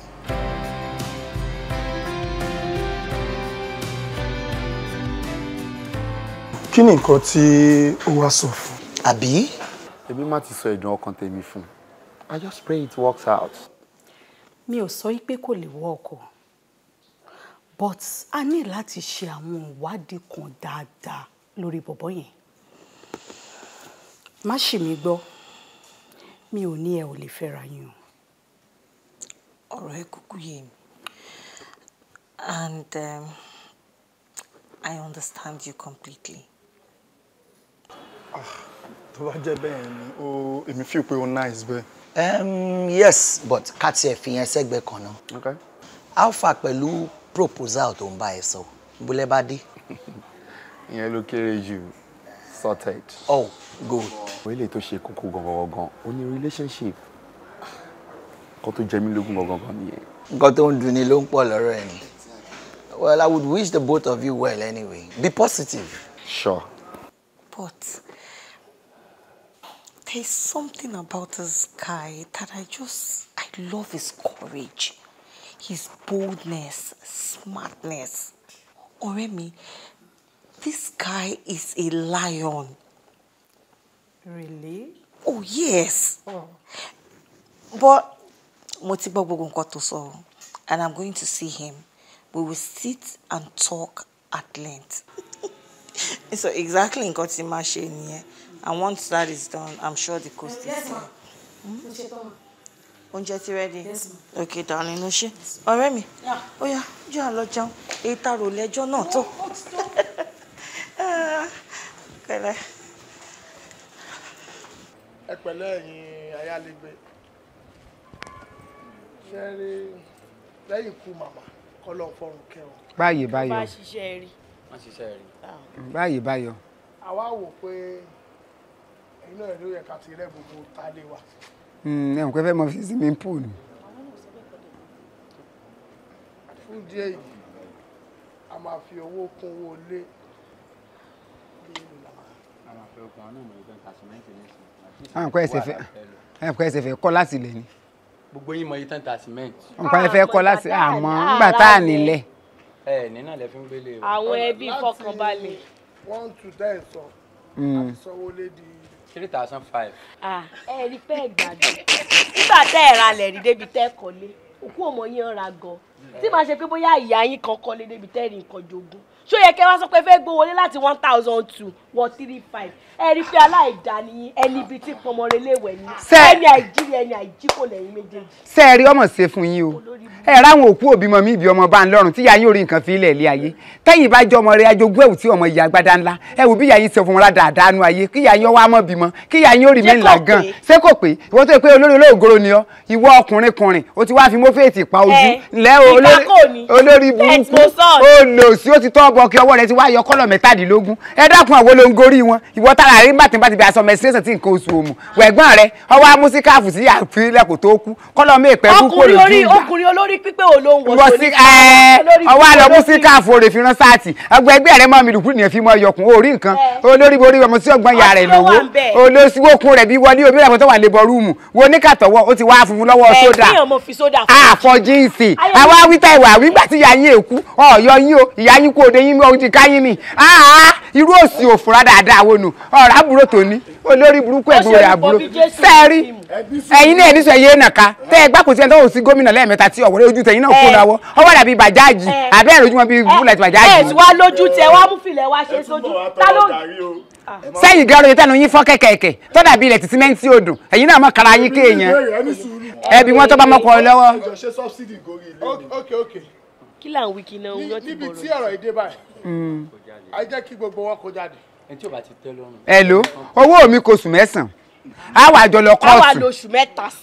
kí ni nǹkan tí ó wá sọ fún. àbí. èmi má ti sọ ẹ̀dùn ọkàn tèmi fún i just pray it works out mi ò sọ pé kò lè work o but a ní láti ṣe àwọn ìwádìí kan dáadáa lórí bọ̀bọ̀ yẹn má ṣì mí gbọ́ mi ò ní ẹ ò lè fẹ́ra yín o. ọ̀rọ̀ ẹ kúkú yé mi and um, I understand you completely. Ah, tó bá jẹ́ bẹ́ẹ̀ ni èmi fi pé ó nice bẹ́ẹ̀. Um, yes but ká tiẹ̀ fi yẹn sẹ́gbẹ́ kan náà. Okay. alpha pẹ̀lú proposal tó ń bá ẹ sọ bólẹ́ bá dé. *laughs* ìyẹn ló kéré jù sorted. oh good. òwe lè tó ṣe kókó gangan gangan ó ní relationship kó tó jẹ mí lógún gangan gangan nìyẹn. nǹkan tó ń dunni ló ń pọ̀ lọ́rọ̀ ẹ̀ ni well i would wish the both of you well anyway be positive. sure. but There's something about this guy that I just, I love his courage, his boldness, smartness. Oremi, this guy is a lion. Really? Oh, yes. Oh. But, mo sọ, and I'm going to see him. We will sit and talk at length. *laughs* so exactly in tí máa and once that is done i'm sure the coast yes, is done. yes ma. Hmm? oúnjẹ ti rẹ́ẹ̀dì òkè dàrin ló ṣe ọ̀rẹ́ mi ó yá jẹ́ àlọ́ jẹun èyí tá rò lẹ́jọ́ náà tó. Oh, oh, *laughs* ah, pẹ̀lẹ́. ẹ pẹ̀lẹ́ ẹ̀yin ayálégbé ṣe rí lẹ́yìn ikú màmá kọ́ lọ fọrùn kẹwọn. báyìí báyọ̀ báyìí báyọ̀. àwa wò pé inú ẹ̀ ló yẹ ká ti rẹ́ gbogbo ta lé wa. ẹ̀ ń pẹ́ fẹ́ mọ fi sí mi ń pòlù. fún díẹ̀ yìí a máa fi owó kún owó lé àwọn kọ́ ẹsẹ̀ fẹ́ àwọn kọ́ ẹsẹ̀ fẹ́ kọ́ láti lẹ̀ ni. gbogbo yín mọ iye tán ta cement. nǹkan ẹ fẹ́ kọ́ láti ah, àmọ́ ńgbà tá à nílẹ̀. ẹ nínú àlẹ́ fi ń gbélé o. àwọn ẹbí fọkànbalẹ̀. one to ten sọ àti hmm. sanwó-lé di three thousand five. ah ẹ rí pẹ́ gbàgbé nígbà tẹ́ ẹ̀ ra lẹ̀ rí débi tẹ́ kọ́lé òkú ọmọ yẹn ra gan tí màá ṣe pé bóyá ìyá yín kan kọ́ lé débi tẹ́rì nǹkan jogún ṣó yẹ kẹ́ wá sọ pé fẹ́ gbówọlé láti one thousand two wọ three five ẹ rí i pé aláìda ni ẹni ibi tí pọmọ reléwẹ ni ẹni àìjírí ẹni àìjíkò lẹ́yìn méjèèjì. ṣé ẹ rí ọmọ ṣe fún yín o ẹ ráwọn òkú òbímọ mi ìbí ọmọ bá ń lọ́rùn tí ìyá yín orí nǹkan fi ilẹ̀ ilé ayé tẹ́yìn bá jọ ọmọ rẹ ajogún ẹ̀wù tí ọmọ ìyá agbada ńlá ẹ wò bí ìyá yín ṣe fún wọn dáadáa nu ayé kí ìyá yín ọwọ́ àmọ́ bímọ kí ìyá yín orí mẹ́ńlá gan ṣé kò pé ìwọ tó yẹ pé olórí olóògoro ni ọ ìwọ ọkùnrin kùnrin o ti wá fi mọ́fẹ́ẹ̀tì pa ojú ńlẹ́ o olórí burúkú ó lò sí ó ti tọ́ ọbọ̀ kí ọwọ́ rẹ ti wá yọ kọ́lọ̀ mẹ́tàdínlógún ẹ dákun àwọn ló ń gorí wọn ìwọ tára rí bàtí bàtí bí aṣọ mẹsírẹ́sì tí nǹkan oṣù òmù wẹ̀gbọ́n rẹ ọwọ́ amúsíkáàfù sí àfilẹ̀ kò tó kú kọ́lọ̀ mi ìpẹ́ kú kò lójú ìgbà ọkùnrin olórí pípé ò ló ń wọ̀ sí ọwọ́ àlọ́ músíkáàfù òrè fi rán ẹgbẹ́ wá wí táìwà wígbà tí ìyá yín èkú ọ̀yọ́ yín o ìyá yín kú òde yín mọ́ ti káyín ni irú òsì òfurá dáadáa wo nù ọ̀rọ̀ àbúrò tòní olórí burúkú ẹ̀gbọ́n rẹ̀ àbúrò sẹ́ẹ̀rí ẹ̀yin náà níṣẹ́ yé nàka tẹ́ ẹ gbàkùn sí ẹni tó wò sí gómìnà lẹ́ẹ̀mẹ́ta tí ọ̀wọ́rẹ́ ojú tẹ̀yìn náà kó náà wọ́ ọwọ́ dàbí bàjáàjì àbẹ́ ẹ̀rọ ojú wọn bíi búlẹ̀tì bàjáàjì. ẹ ẹ ti wá lójú tẹ wá mú filẹ̀ wá ṣe sójú ta ló sẹ́yìn gẹ́rọ yìí tẹ́nu yín fọ́ kẹ̀kẹ̀kẹ̀ tó dàbí ilẹ̀ tìtìmẹ́ǹtì odò ẹ̀yin náà mọ̀ kára yín kéèyàn ẹbí wọn tó bá mọ́kọ lọ́wọ́. ìjọ ṣe subsidy gorí ilé mi. ok ok. kí là ń wí kí náà wọ́n ti bọ̀rọ̀. níbi tí ọ̀rọ̀ èdè báyìí hmm. a jẹ́ kí gbogbo wọn kó jáde. ẹni tí ò bá ti tẹ́ lọ́rùn. hello owó mi kò sùn mẹ́sàn-án a wà jọ lọ kóòtù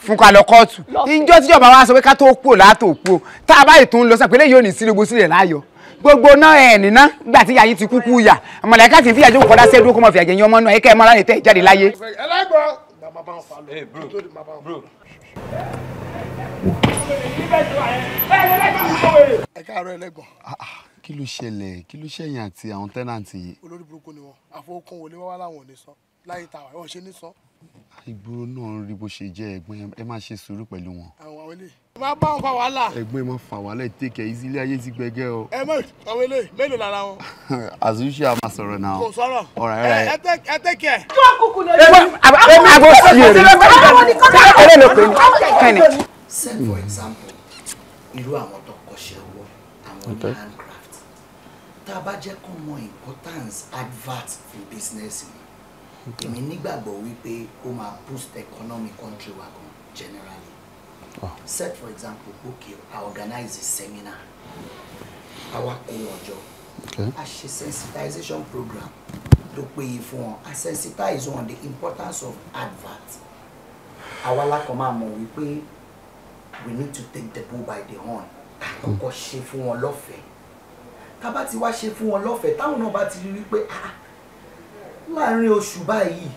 fún ká lọ kóòtù ìjọ tíjọba wa sọ pé ká tó pò látò pò tá a báyìí tó ń lọ sàn pé lè yóò ní sí gbogbo sílẹ̀ láyọ̀ gbogbo náà ẹ̀ nínà gbà tí yàyí ti kúkú yà mọ̀lẹ́ká ti fìyà jókòó kọ́dá sẹ́dúró kó mọ̀ fìyà ọmọ náà ẹ̀kẹ́ ẹ̀ mọ́ra lè tẹ̀ jáde láyé. ẹlẹ́gbọ̀n ẹ káàárọ̀ ẹlẹ́gbọ̀n. Ah, ah, kí ló ṣẹlẹ̀ kí ló ṣẹ̀yìn àti àwọn tẹ́nàntì yìí. olórí burúkú ni wọn àfọwọ́kùn wọlé wá láwọn ò ní sọ láyé tá a wà wọ́n ṣe ní sọ. ìgboro náà rí bó ṣe jẹ́ ẹ̀gbọ́n ẹ má ṣe sùúrù pẹ̀lú wọn. àwọn ilé ẹ má bá wọn fa wàhálà. ẹ̀gbọ́n ẹ fa wàhálà ẹ tẹkẹ ìsí ilé ayé ti gbẹgẹ o. ẹ mọ àwọn ilé mélòó lára wọn. àzúṣe *laughs* a máa sọ̀rọ̀ náà. kò sọ̀rọ̀ ẹ tẹkẹ. tó kúkú lórí. àgbo sí èrè for example irú àwọn tó kọ́ṣẹ́ owó àwọn handcraft tá a bá jẹ́ kó mọ importance advert for business mi èmi nígbàgbọ́ wípé ó máa boost economy country wa gan generally ah. set for example okay i organize a seminar àwa kó wọn jọ a ṣe sensitization program tó péye fún wọn a sensitize on the importance of advert àwa lákan máa mọ̀ wípé we need to take the bull by the horn àkọ́kọ́ ṣe fún wọn lọ́fẹ̀ẹ́ tá a bá ti wá ṣe fún wọn lọ́fẹ̀ẹ́ táwọn náà bá ti rí wípé ah láàárín oṣù báyìí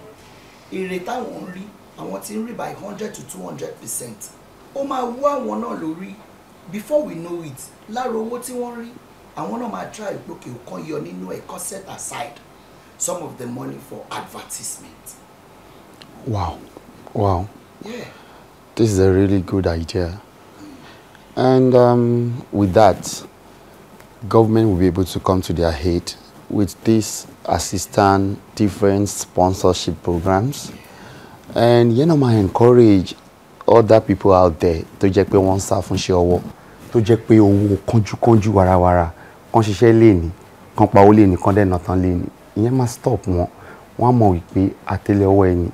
èrè táwọn ń rí àwọn ti ń rí by hundred to two hundred percent ó máa wú àwọn náà lórí before we know it lára owó tí wọ́n rí àwọn náà máa try ìgbókè òkan yọ nínú ẹ̀kọ́ set aside some of the money for advertisement. wow wow yeah. this is a really good idea and um, with that government will be able to come to their head with this assistant different sponsorship programs and you know I encourage other people out there tó jẹ́ pé wọ́n ń sá fúnṣẹ́ to tó jẹ́ pé work, kánjúkánjú warawara wara, wara, léèní share, lini, léèní kan dẹ̀ nàtàn lini. You must stop wọn One more week, wípé àtẹ́lẹwọ́ ẹni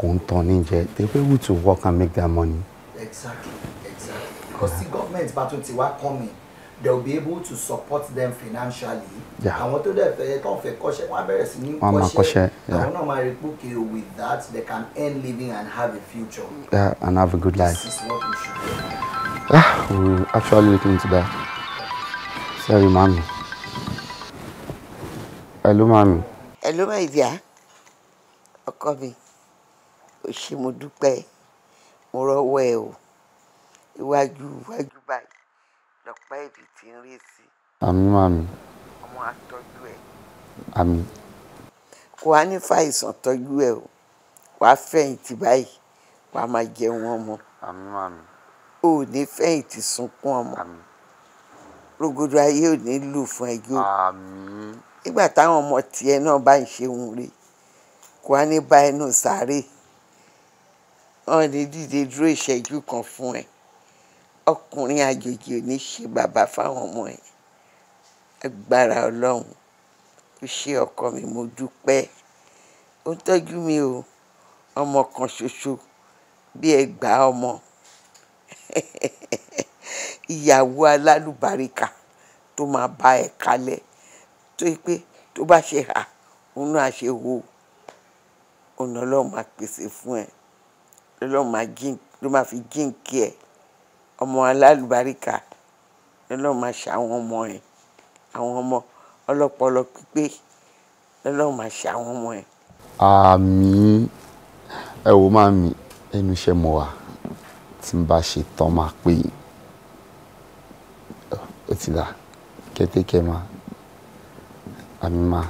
kò ń tàn ní jẹ they were able to work and make their money. exactly exactly because the government bá tún ti wá kọ́ they will be able to support them financially. àwọn tó dẹ̀ fẹ́ tó ń fẹ́ kọ́ṣẹ́ wọ́n á bẹ̀rẹ̀ sí ní kọ́ṣẹ́ àwọn náà máa rí pòkè with that they can earn living and have a future. Yeah, and have a good life. this is what we should do. ah we will actually looking into that. sorry mommy. hello mommy. hello my dear ọkọ mi ò ṣe mo dúpẹ́ mo rọ́wọ́ ẹ o iwájú iwájú báyìí apá ẹ̀dì tí ń rí sí. àmì màmí. ọmọ àtọ́jú ẹ̀. àmì. kò wá ní fàìsàn tọ́jú ẹ̀ o wàá fẹ̀yìntì báyìí wàá máa jẹun ọmọ. àmì màmí. o ò ní fẹ̀yìntì sunkún ọmọ. àmì. rogodo ayé ò ní lù fún ẹjọ́. àmì. nígbà táwọn ọmọ tiẹ̀ náà bá ń ṣe òun rè kò wá ní bá ẹnu sáré wọn ní dídé dúró ìṣẹ́jú kan fún ẹ ọkùnrin àjòjì ò ní ṣe bàbá fáwọn ọmọ ẹ̀ agbára ọlọ́run ó ṣe ọkọ mi mo dúpẹ́ ó ń mi o ọmọ kan ṣoṣo bí ẹgbàá ọmọ *laughs* ìyàwó alálùbáríkà tó máa bá ẹ kalẹ̀ tó yí pé tó bá ṣe hà òun náà ṣe wo òun ọlọ́run máa pèsè fún ẹ lọ́lọ́run máa fi jíǹkì ẹ ọmọ alálùbáríkà lọ́lọ́run máa ṣe àwọn ọmọ ẹ̀ àwọn ọmọ ọlọ́pọlọ pípé lọ́lọ́run máa ṣe àwọn ọmọ ẹ̀. àmín ẹ wò máa mi ẹnu iṣẹ́ mo wà tí n bá ṣe tán máa pè é ó ti dà kẹ́tẹ́kẹ́ máa àmì máa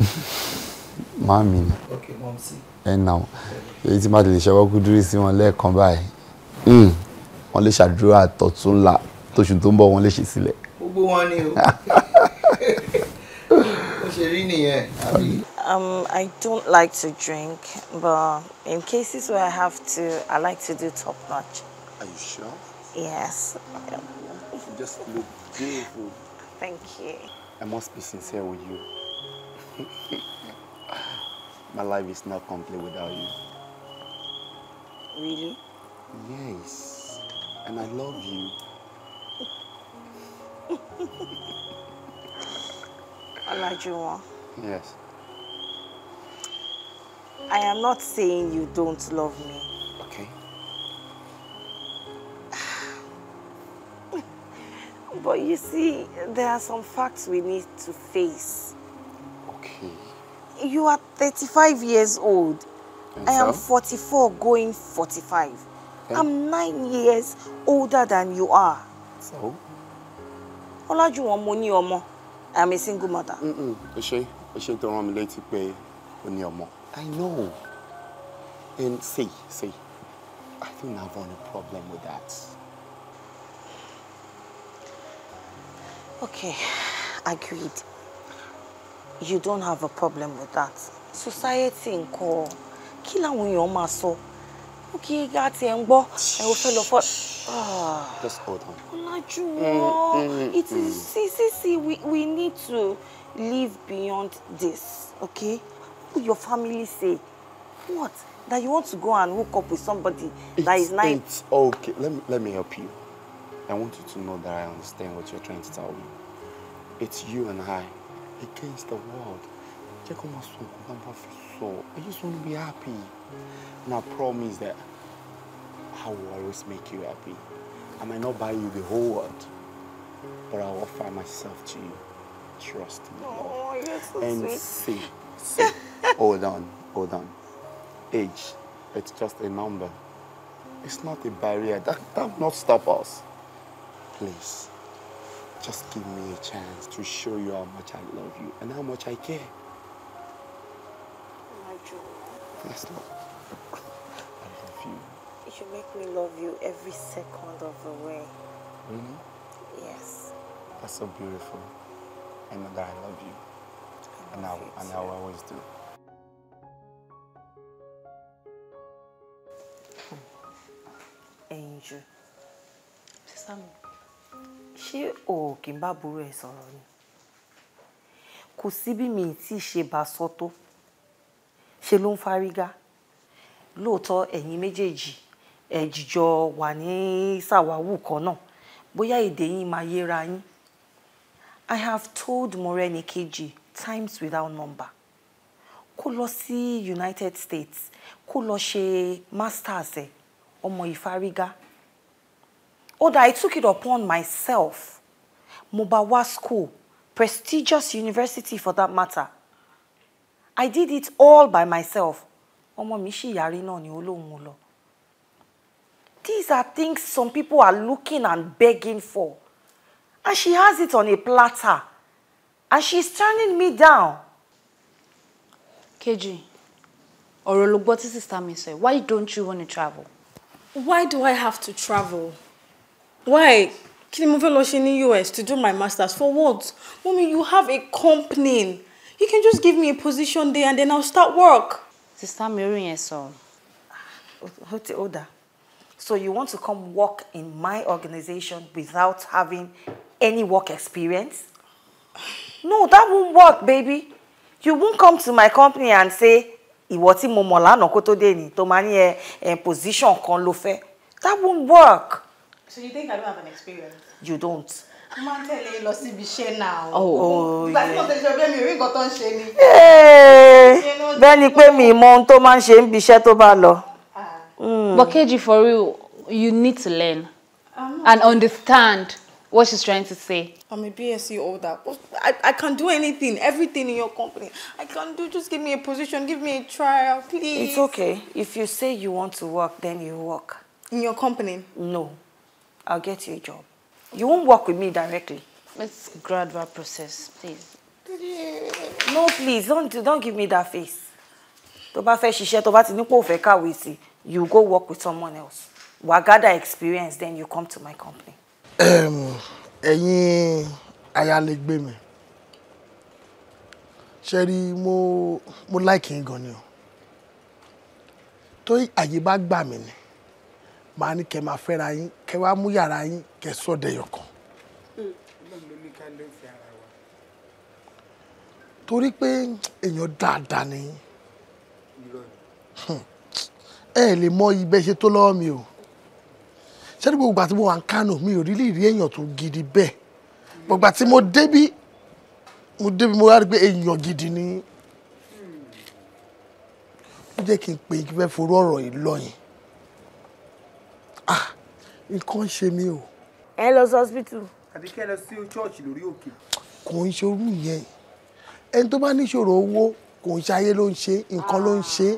*laughs* máa mi ni ẹ̀nà èyí tí má ti lè ṣọwọ́ kúdúrí sí wọn lẹ́ẹ̀kan báyìí hmm. wọ́n lè ṣàdúrà tọ̀túnla tóṣù tó ń bọ̀ wọ́n lè ṣe sílẹ̀. gbogbo wọn ni o ó ṣe rí nìyẹn. Um, I don't like to drink, but in cases where I have to, I like to do top notch. Are you sure? Yes. you just look beautiful. Thank you. I must be sincere with you. *laughs* My life is not complete without you. Really? Yes. And I love you. I you more. Yes. I am not saying you don't love me. Okay. *sighs* but you see, there are some facts we need to face. You are 35 years old. And I am so? 44 going 45. Okay. I'm nine years older than you are. So? Ọlájúwọ̀n mo ní ọmọ. I I'm a single mother. Mm-mm. Ó ṣe Don't want me rán mi létí pé o ní I know. And see, see, I don't have any problem with that. Okay, agreed you don't have a problem with that society nǹkan kí làwọn èèyàn máa sọ ó kí gá tiẹ̀ ń gbọ́ ẹ̀ ò fẹ́ ah, just hold on. ọ̀làjú wọn mm, mm, it is mm. see see see we we need to live beyond this okay what your family say what that you want to go and hook up with somebody it's, that is nice. it's okay let me let me help you i want you to know that i understand what you're trying to tell me it's you and i against the world. Check on my soul. I just want to be happy. And I promise that I will always make you happy. I might not buy you the whole world, but I will offer myself to you. Trust me, Lord. Oh, so and sweet. see, see. hold on, hold on. Age, it's just a number. It's not a barrier. That, does not stop us. Please. Just give me a chance to show you how much I love you and how much I care. My Joe. Yes, Lord. I love you. You should make me love you every second of the way. Really? Yes. That's so beautiful. I know that I love you. I and, love I, and I will always do. Angel. Você sabe ṣé o bá burú ẹ sọ̀rọ̀ ni kò sí bí mi tí ì ṣe bá sọ tó ṣe ló ń fárígá lóòótọ́ ẹ̀yin méjèèjì ẹ wà ní sàwáwù kan náà bóyá èdè yín máa yéra yín I have told Morenikeji times without number kó lọ sí United States kó lọ ṣe masters ẹ ọmọ ìfárígá. E ó dà I took it upon myself mo school prestigious university for that matter I did it all by myself ọmọ mi sì yarí náà ni these are things some people are looking and begging for and she has it on a platter and she's turning me down. Keji, ọ̀rọ̀ what is this time you say? why don't you want to travel? Why do I have to travel? why kí ni mo fẹ́ lọ ṣe ní US to do my masters for what mummy you have a company you can just give me a position there and then I'll start work. sista mi orin yẹn sọ. ó ti ó so you want to come work in my organization without having any work experience? no that won't work baby you won't come to my company and say ìwọ tí mo mọ̀ lánàá kó tó dé ni tó máa ní ẹ position kan ló fẹ́ that won't work. So you think I don't have an experience? You don't. Mo máa ń tẹ̀lé lọ síbi iṣẹ́ náà. Oh, oh, Ìgbà tí mo tẹ̀lé ṣe ọbẹ̀ mi rí nǹkan tó ń ṣe ni. Eh, bẹ́ẹ̀ ni pé mi mọ ohun tó máa ń ṣe ń bi iṣẹ́ tó bá lọ. Ah. Hmm. But KG for real, you need to learn and understand what she's trying to say. I'm a BSc holder. I, I can't do anything, everything in your company. I can't do, just give me a position, give me a trial, please. It's okay. If you say you want to work, then you work. In your company? No. I'll get you a job. You won't work with me directly. It's gradual process, please. No, please, don't don't give me that face. Tó bá fẹ́ ṣiṣẹ́, tó bá ti ní pé o fẹ́ you go work with someone else. Wá gather experience, then you come to my company. Um, ẹ̀yin ayalegbe mi. Ṣé rí mo mo like yín gan ni o. Tó àyè bá máa ní kẹ́ máa fẹ́ra yín kẹ́ wá mú yàrá yín kẹ́ sọ dẹyọ torí pé èèyàn dáadáa ni ẹ lè mọ ibẹ̀ ṣe tó lọ́wọ́ mi o ṣé ní gbogbo àti mo wà Kánò mi ò rí lè rí èèyàn tó gidi bẹ́ẹ̀ gbogbo àti mo débí mo débi mo wá pé èèyàn gidi ni ó jẹ́ kí n pè é kí n fẹ́ forú ọ̀rọ̀ yìí lọ́yìn ah nǹkan ṣe mí o. ẹ lọ sí hospital. àbí kẹ́ ẹ lọ sí ṣọ́ọ̀ṣì lórí òkè. kò ń ṣorú yẹn ẹni tó bá níṣòro owó kò ń ṣayé ló ń ṣe nǹkan ló ń ṣe.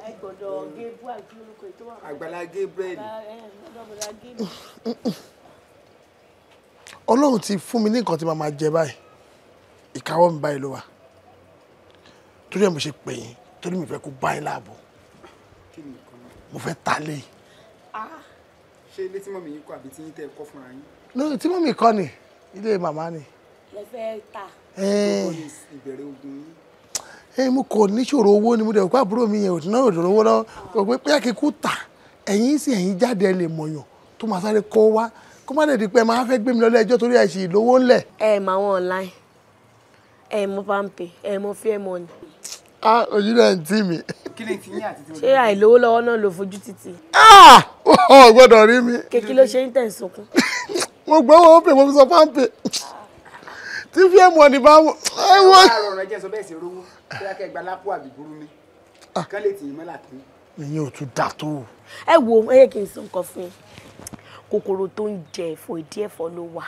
Ah, àgbàlá Gabriel. ọlọ́run ti fún mi ní nǹkan tí màá máa jẹ báyìí ìkáwọ́ mi báyìí ló wà torí ẹ̀ mo ṣe pè yín torí mi fẹ́ kó báyìí láàbò mo fẹ́ ta lé. Ah, ṣé ilé tí mọ̀mí yín kọ́ àbí tí yín tẹ́ kọ́ fúnra yín. lórí tí mọ̀mí kọ́ ni ilé màmá ni. mo fẹ́ ta. ìbẹ̀rẹ̀ ogun yín. ẹ mo kò níṣòro owó ni mo dẹ̀ kó àbúrò mi yẹn ò náà ò dòrò owó lọ kò pé pé kíkú tà ẹ̀yìn sì ẹ̀yìn jáde ẹ̀ lè mọ̀yàn tó máa sáré kọ́ wá kó má dẹ̀dí pé máa fẹ́ gbé mi lọ lẹ́jọ́ torí ẹ̀ sì lówó ńlẹ̀. ẹ mà wọn online ẹ mọ pampe ẹ mọ fair money. a òyìnbó ẹ̀ ń tì mí. kí ni ti yín àti ti mo. ṣé àìlówó lọ́wọ́ náà ló fojú títì. Ah! *laughs* ọ gbọ́dọ̀ rí mi. kèkí ló ṣe ń tẹ̀ sókun. *laughs* mo gbọ́ wọn pè mo fi sọ páńpẹ́ *laughs* tí fíẹ́ mọ̀ ní bá wọ. ẹ wọ. àárọ̀ rẹ̀ jẹ́ sọ bẹ́ẹ̀ sí rówó kí á kẹ́ gba lápò àbíburú ni ah. kán lè tì í mọ́lá kí. ìyẹn ò tún dà tó. ẹ wo ẹ yẹ kí n sọ nǹkan fún yín kòkòrò tó ń jẹ ẹ̀fọ́ ìdí ẹ̀fọ́ ló wà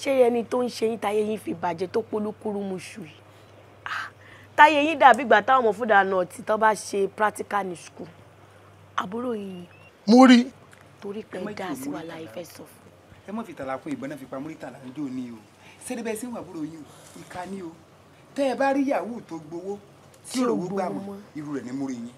ṣé ẹni tó ń ṣe yín táyé yín fi bàjẹ́ tó polúkúrú mu ṣù yìí ah, táyé yín dàbí ìgbà táwọn ọmọ fúdà náà ti tọ́ bá ṣe practical ní school àbúrò yìí mo rí. torí pé dá sí wa la ìfẹ́ sọ fún. ẹ mọ̀ fi tàlà kún ìbọn náà fi pa múrítà là ń dò o sẹ́dẹ̀bẹ̀ sí wàbúrò o ìka ní o tẹ́ ẹ bá rí yahoo tó gbowó tí òwò gbà mọ́ irú rẹ̀ ní múrí yín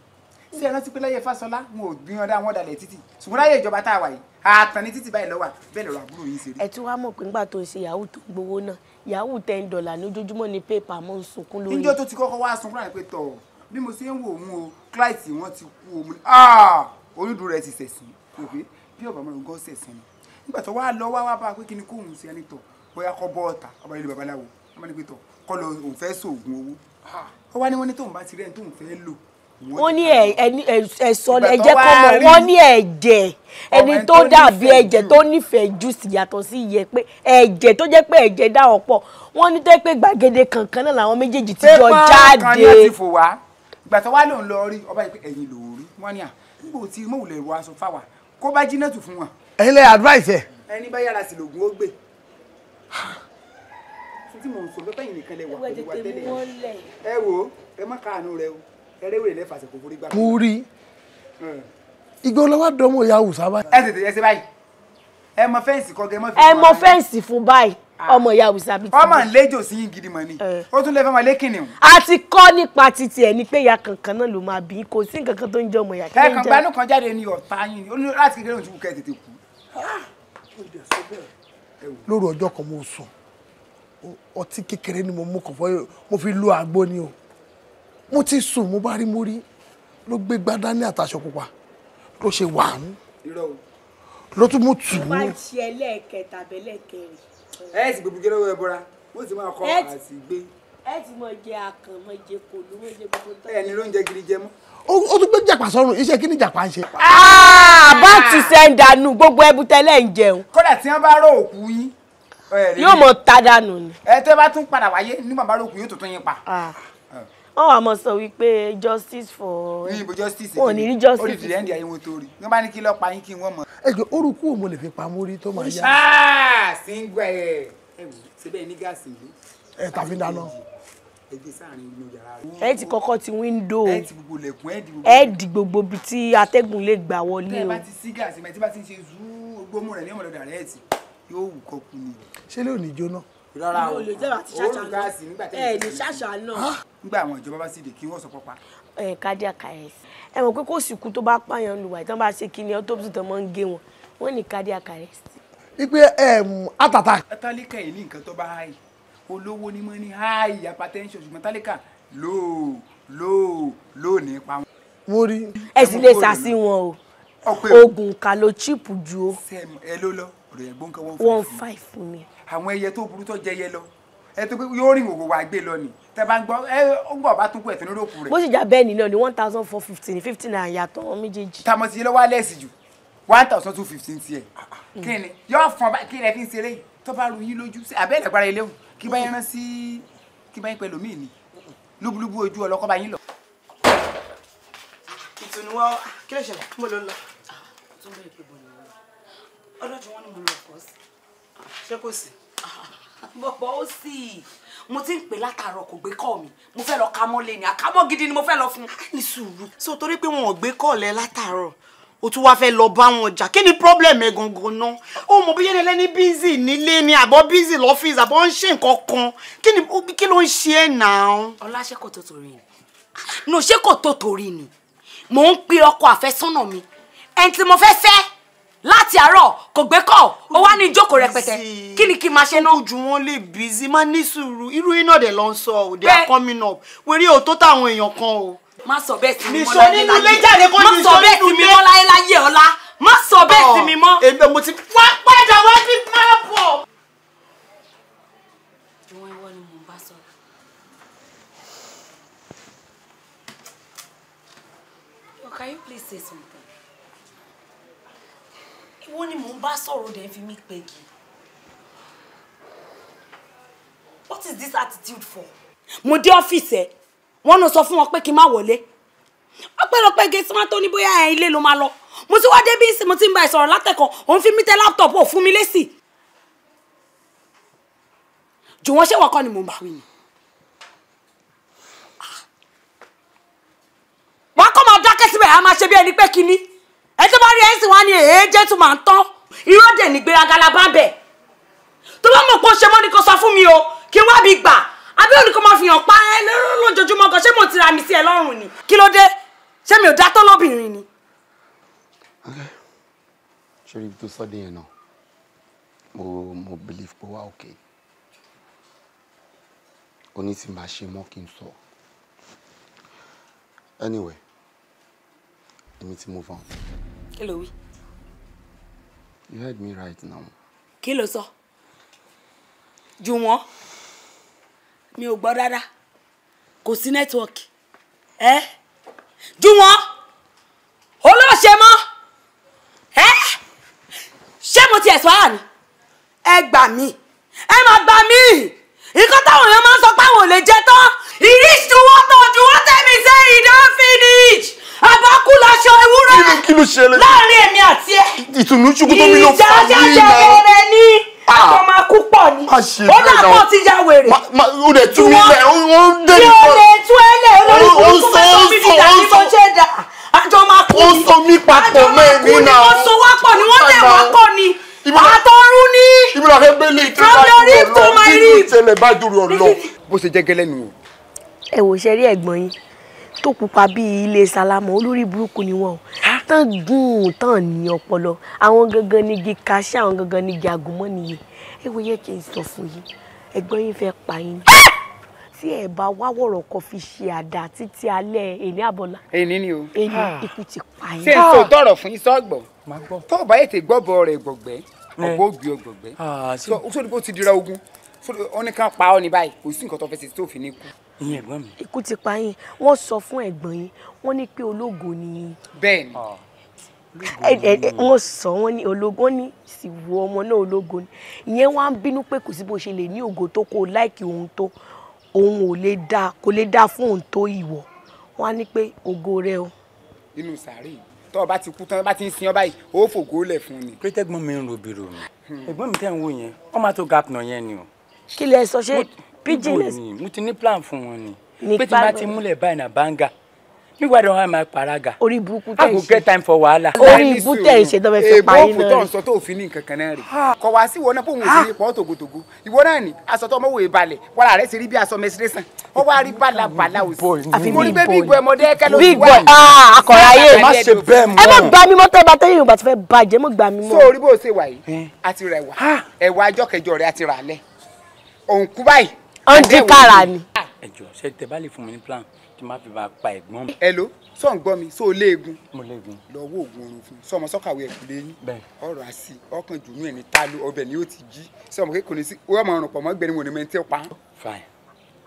sí ẹran tí pé láyé Fáṣọlá wọn ò gbìyànjú àwọn ọ̀dàlẹ̀ títì ṣùgbọ́n láyé ìjọba tá a wà yìí àtàn ní títì báyìí lọ́wọ́ bẹ́ẹ̀ lọ́rọ̀ àbúrò yín ṣe rí. ẹ tí wàá mọ̀ pé nígbà tó ń ṣe yahoo tó ń gbowó náà yahoo ten dollar lójoojúmọ́ ni pépà mọ́ ń sunkún lórí. níjọ́ tó ti kọ́kọ́ wá sunkún láì pé tọ̀ bí mo ṣe ń wò ó mú o client wọn ti kú omi onídùú rẹ̀ ti sẹ̀sìn rò pé bí ọ̀bà mọ̀ràn gan sẹ̀sìn ni nígbà tó wàá lọ wàá bá a pé kí ni kóhùn sí ẹni tọ̀ bóyá kọ́ bọ́ ọ̀tà ọba ilé babaláwo ọba ní pé tọ̀ kọ́ lọ òun fẹ́ sóògùn owó ó wá ní wọ́n ní tóun bá ti rẹ́ni tóun fẹ́ lò wọ́n ní ẹ̀sọ́ ẹ̀jẹ̀ kọ́ mọ̀ wọ́n ní ẹ̀jẹ̀ ẹni tó dàbí ẹ̀jẹ̀ tó nífẹ̀ẹ́ jù sí yàtọ̀ sí iye pé ẹ̀jẹ̀ tó jẹ́ pé ẹ̀jẹ̀ dà wọ́n pọ̀ wọ́n ní tẹ́ pé gbàgede kankan náà làwọn méjèèjì ti jọ jáde. pépà kan ní àti fò wá ìgbà tó wá lòun lọ rí ọba yìí pé ẹ̀yìn lòun rí wọ́n ní à nígbà tí mọ̀wùlẹ̀ ìwọ aṣọ fáwà kó bá jí nẹ́tù fún wa. ẹ̀yin lẹ advice ẹ. ẹni bá yára sí lògùn ó gbé. tí mo ń sọ pẹ́pẹ́ yìí nìkan lẹ wà pẹ̀lú wa tẹ́lẹ̀ ẹ wo ẹ má káàánú rẹ o ẹ rẹ́wèrè lẹ́fà sí kò forí gbà. mo rí igbó lọ́wọ́ dọ́mọ̀ ìyá àwùsá báyìí. ẹ tètè ẹ ṣe báyìí ẹ mọ fẹ́ǹsì kọ́gẹ́ mọ́ fi. ẹ mọ fẹ́ǹsì fún báyìí. Ah. ọmọ ìyá awùsá bíi ti ọmọ ńlẹjọ sí yín gidi mọ ni eh. ó tún lè máa lé kìnìún. a ti kọ́ nípa titi ẹ̀ ni pé ìyá kankan náà ló máa bí kò sí nǹkan kan tó ń jẹ́ ọmọ ìyá kí ń jẹ́. ẹ̀ẹ̀kan gbanú kan jáde ní ọ̀tá yín ni ó ní láti kékeré òun ti kẹ́ ẹ̀ tètè kú. lóru ọjọ́ kan mo sùn ọtí kékeré ni mo mú kàn fọ́ mo fi lo àgbo ni o mo ti sùn mo bá rí mo rí ló gbé gbádá ní àtàṣọ pupa ló ṣe wà á ló tún mú tù ú. wọ́n á ti ẹlẹ́ẹ̀kẹta bẹ́lẹ̀kẹrin ẹ sì gbogbo jẹ́rọ ẹ bọ́ra wọ́n sì máa kọ́ àsìgbé. ẹ ti mọ jẹ àkàn mọ jẹ kòló mọ jẹ gbogbo tó. ẹni ló ń jẹ gidi jẹ mọ. ó tún gbé jàpá sọrùn iṣẹ́ kí ni jàpá ń ṣe. Ah, bá ah. ti ṣe ń dànù gbogbo ẹbú tẹ́lẹ̀ ń jẹun. kódà tí wọ́n bá rọ òkú yín. yóò mọ ta dànù ni. ẹ tẹ́ bá tún padà wáyé ní màmá rògbò yóò tuntun yín pa. Ah wọn wà mọ sọ wípé justice for. ní ibo justice wọn ò justice. orí ìdílé ẹ̀ndì ayé wọn tó rí wọn bá ní kí lọ́ọ́ pa yín kí wọ́n mọ̀. ẹ jọ orúkú òun lè fi pamọ́ orí tó máa yá. ṣáàṣì ń gbẹ ẹ síbẹ̀ ní gáàsì yìí. ẹ tàbí dáná. ẹ gbé sáàrin inú yàrá rẹ. ẹ ti kọ́kọ́ ti wíńdò ẹ di gbogbo ibi tí atẹ́gùn lè gbà wọlé o. tẹ́ bá ti sí gáàsì mẹ́tí bá ti ń ṣe zú gbómù rẹ̀ ní ọmọdé rárá o òórùn gáàsì nígbà tẹ́lẹ̀ ẹ̀ ní ṣàṣà náà. nígbà àwọn ìjọba bá sì dé kí wọ́n sọ pápá. ẹ cardiac arrest ẹ mọ̀ pé kò sì kú tó bá pààyàn lùwà ìtàn bá ṣe kíni autopsy tó máa ń gé wọn wọ́n ní cardiac arrest. ipe àtàtà. tálíkà yìí ní nǹkan tó bá háì olówó ni mo ní háì hypertension ṣùgbọ́n tálíkà lóò lóò lóò ní pa wọn. mo rí. ẹ sì lè sàṣì wọn o oògùn kà ló chíìpù ju o. ẹ ló lọ ọ̀rọ̀ ẹ̀gbọ́n kan one five. one five fún mi àwọn ẹyẹ tó burú tó jẹyẹ lọ ẹ pé yóò rìn òwò wá gbé lọ ni tẹ bá ń gbọ́ ẹ ń gbọ́ bá tún kú ẹ tó rẹ. bó sì já bẹ́ẹ̀ nílò ní one thousand four fifteen fifteen náà yàtọ̀ méjèèjì. tamọ ti yẹ lọ́wọ́ alẹ́ ẹ̀sìn jù one thousand two fifteen tiẹ̀ kí ni yóò fọn bá kí ni ẹ fi ń ṣeré tó bá ru yín lójú sí abẹ́ ìlẹ̀gbára ilé òun kí bá yẹn rán sí kí bá yẹn pẹ̀lú mí ni lúbúlúbú ojú ọlọ́kọ́ bá yín lọ. ìtùnú wa kí bọ̀bọ̀ ó sì mo ti ń pè látàárọ̀ kò gbé kọ́ mi mo fẹ́ lọ kamọ́ lé ni àkámọ́ gidi ni mo fẹ́ lọ fún. Ah, ní sùúrù so torí pé wọn ò gbé kọ́ lẹ látàárọ̀ o tún wáá fẹ́ lọ bá wọn jà kí ni problem ẹ gangan náà ó mọ bíyẹn lẹ́ni bízì nílé ni àbọ̀ bízì lọ́fíìsì àbọ̀ ń ṣe nǹkan kan kí ni kí ló ń ṣe ẹ̀ náà. ọlá ṣé kò tó torí ni no ṣé kò tó torí ni mò ń pe ọkọ àfẹ́sọ́nà mi ẹni tí mo fẹ́ fẹ́ láti àárọ̀ kò gbé kọ̀ ó wá ní ìjókòó rẹpẹtẹ kí ni kí n máa ṣe náà. ojú wọn lè busy máa ní sùúrù irú iná dẹ̀ ló sọ ò they are coming up wẹ́rí ò tó táwọn èèyàn kan o. má sọ bẹ́ẹ̀ sí mi mọ́ láyé láyé má sọ bẹ́ẹ̀ sí mi mọ́ láyé láyé ọ̀la má sọ bẹ́ẹ̀ sí mi mọ́. èmi mo ti. wá padà wá fi máa bọ̀. ìwọ ìwọ ni mò ń bá Can you please say something? wọ́n ní mò ń bá sọ̀rọ̀ dẹ̀ fi mí pegi what is this attitude for. mo dé ọ́fíìsì ẹ̀ wọ́n náà sọ fún wọn pé kí n má wọlé ọpẹ́lọpẹ́ gé sọ́mọ́ tó ní bóyá ẹ̀ ilé ló máa lọ mo ti wá débí sí mo ti ń bá ẹ sọ̀rọ̀ látẹ̀kọ̀ òun fi mí tẹ láptọ̀pù ò fún mi lésì jù wọ́n ṣé wọ́kọ́ ni mo bá wí ni. Ah. wàá kọ́ máa dákẹ́ síbẹ̀ á máa ṣe bí ẹni pé kinní ẹ tó bá rí ẹ̀sìn wá ní èé jẹ́ tó máa ń tán irọ́ dẹ̀ ní gbéraga la bá bẹ̀ tó bá mọ̀ pé ó ṣe mọ́ ni kò sọ fún mi o kí wọ́n á bí gbà abẹ́ òní kò máa fi hàn pa ẹ lójoojúmọ́ gan ṣé mo ti ra mi sí ẹ lọ́rùn ni kí ló dé ṣé mi ò dá tán lóbìnrin ni. ṣé ibi tó sọ́dẹ̀ yẹn náà mo mo believe pé wà òkè oní tí màá ṣe mọ́ kí n sọ anyway Let tí move on. Hello. you heard me right now. kí ló sọ jùwọ́n mi ò gbọ́ dáadáa kò Network. Eh? ẹ́ jùwọ́n olóòṣè mọ́ ẹ́ ṣé mo ti ẹ̀sọ́ àná ẹ gbà mí ẹ má gbà mí nǹkan táwọn èèyàn máa ń sọ pé àwọn ò lè jẹ to ìrísí wọn tó ju wọn tẹ́mi sẹ́yìn dá finish àbákú laṣọ ewúrẹ́ kí ló ṣẹlẹ̀ láàrin èmi àti ẹ ìtùnú ṣùgbọ́n tó mi ló fà mí náà ìjà ṣẹṣẹ ni ah. àtọmakú pọ̀ ni ó dà pọ̀ ti ya wèrè ó lè tú mi lẹ̀ ó dé mi pọ̀ tí ó lè tú ẹ lẹ̀ olórí burúkú mẹ́tọ́ mi dìda ní mo ṣe dà àjọmakú ni àjọmakú ni wọ́n so wá pọ̀ ni wọ́n tẹ̀ wá pọ̀ ni àtọrú ni from your rib to bó ṣe jẹ́ gẹ́lẹ́ nù. ẹ wò ṣe rí ẹ̀gbọ́n yín tó pupa bíi ilé sálámù olórí burúkú ni wọn o tán gùn tán ní ọpọlọ àwọn gangan nígi kàṣẹ àwọn gangan nígi àgùnmọ́ nìyẹn ẹ wo yẹ kí n sọ fún yín ẹ̀gbọ́n yín fẹ́ pa yín tí ẹ bá wá wọ̀rọ̀ fi ṣe àdá títí alẹ́ èní àbọ̀là. èní ni o èní ikú ti pa yín. ṣé n tó tọrọ fún ìsọgbọ tó o bá yẹ ti gbọbọ rẹ gbọgbẹ ọgbọ ògbì ọgbọgbẹ sórí bó ti dira ogun ó ní ká pa ọ ní báyìí kò sí nǹkan tó fẹsẹ̀ tó fi ní kú ìyẹn ẹ̀gbọ́n mi. ikú ti pa yín wọ́n sọ fún ẹ̀gbọ́n yín wọ́n ní pé ológo ni yín. bẹ́ẹ̀ni. Ah. wọ́n sọ wọ́n ní ológo ní ìsìwò ọmọ náà ológo ni ìyẹn wá ń bínú pé kò sí bó ṣe lè ní ògo tó kó o láìkí ohun tó òun ò lè dá kò lè dá fún òun tó ìwọ wọ́n á ní pé ògo rẹ o. inú sàárè yìí tọ́ ọ bá ti kú tán bá ti ń sin ọ báyìí ó fògo lẹ̀ fún ni. pété gbọ́n mi ń robiro hmm. ẹ̀gbọ́n mi tẹ́ ń wò yẹn ó máa tó gap yẹn ni o. kí lẹ sọ ṣé pigeons. mo ti ní plan fún wọn ni pé tí bá ti múlẹ̀ báyìí na banga mi wá dán wa máa paraga. orí burúkú tẹ̀ ṣe. a kò get time for wàhálà. orí ibú tẹ̀ ṣe tó fẹ́ fi parí náà. èèbó fòtọ́ nsọ tó fi ní nkankan náà rè. kọ̀ wá sí ìwọ náà fóun òsì ní pọ́ tògótògó ìwọ náà ni aṣọ tó ọmọwòye balẹ̀ wàrà rẹ̀ ṣe rí bí aṣọ mẹsirẹ́sàn ó wá rí bàlà bàlà òsì. mo rí bẹ́ẹ̀ bí ìgbọ́ ẹmọdé ẹ̀kẹ́ ló ti wá. akọ̀rọ̀ ayé ẹ má gba mi mọ́tò bá tẹ́yìn ìgbà tó fẹ́ bàjẹ́ mọ́ gba mi mọ́. sórí bó ṣe wà yìí àti rẹwà ẹwà ajọ́kẹjọ rẹ àti ràlẹ́ òǹkú báyìí ó ń kára ni. ẹ jọ ṣe tẹ bá lè fún mi ní plan tí má fi máa pa ẹ̀gbọ́n mi. ẹ ló sọ ń gbọ́ mi sọ léegun. mo léegun. lọ wo oògùn oorun fún un sọmọ sọkàwé ẹkùn lẹ́yìn. bẹ́ẹ̀ ọ̀rọ̀ àṣì ọkàn jùmí ẹni tá ló ọbẹ ni yóò ti jí sọmọ kékeré sí wọn máa rùn pọ̀ mọ́ wọn ni mẹtẹ pa. fine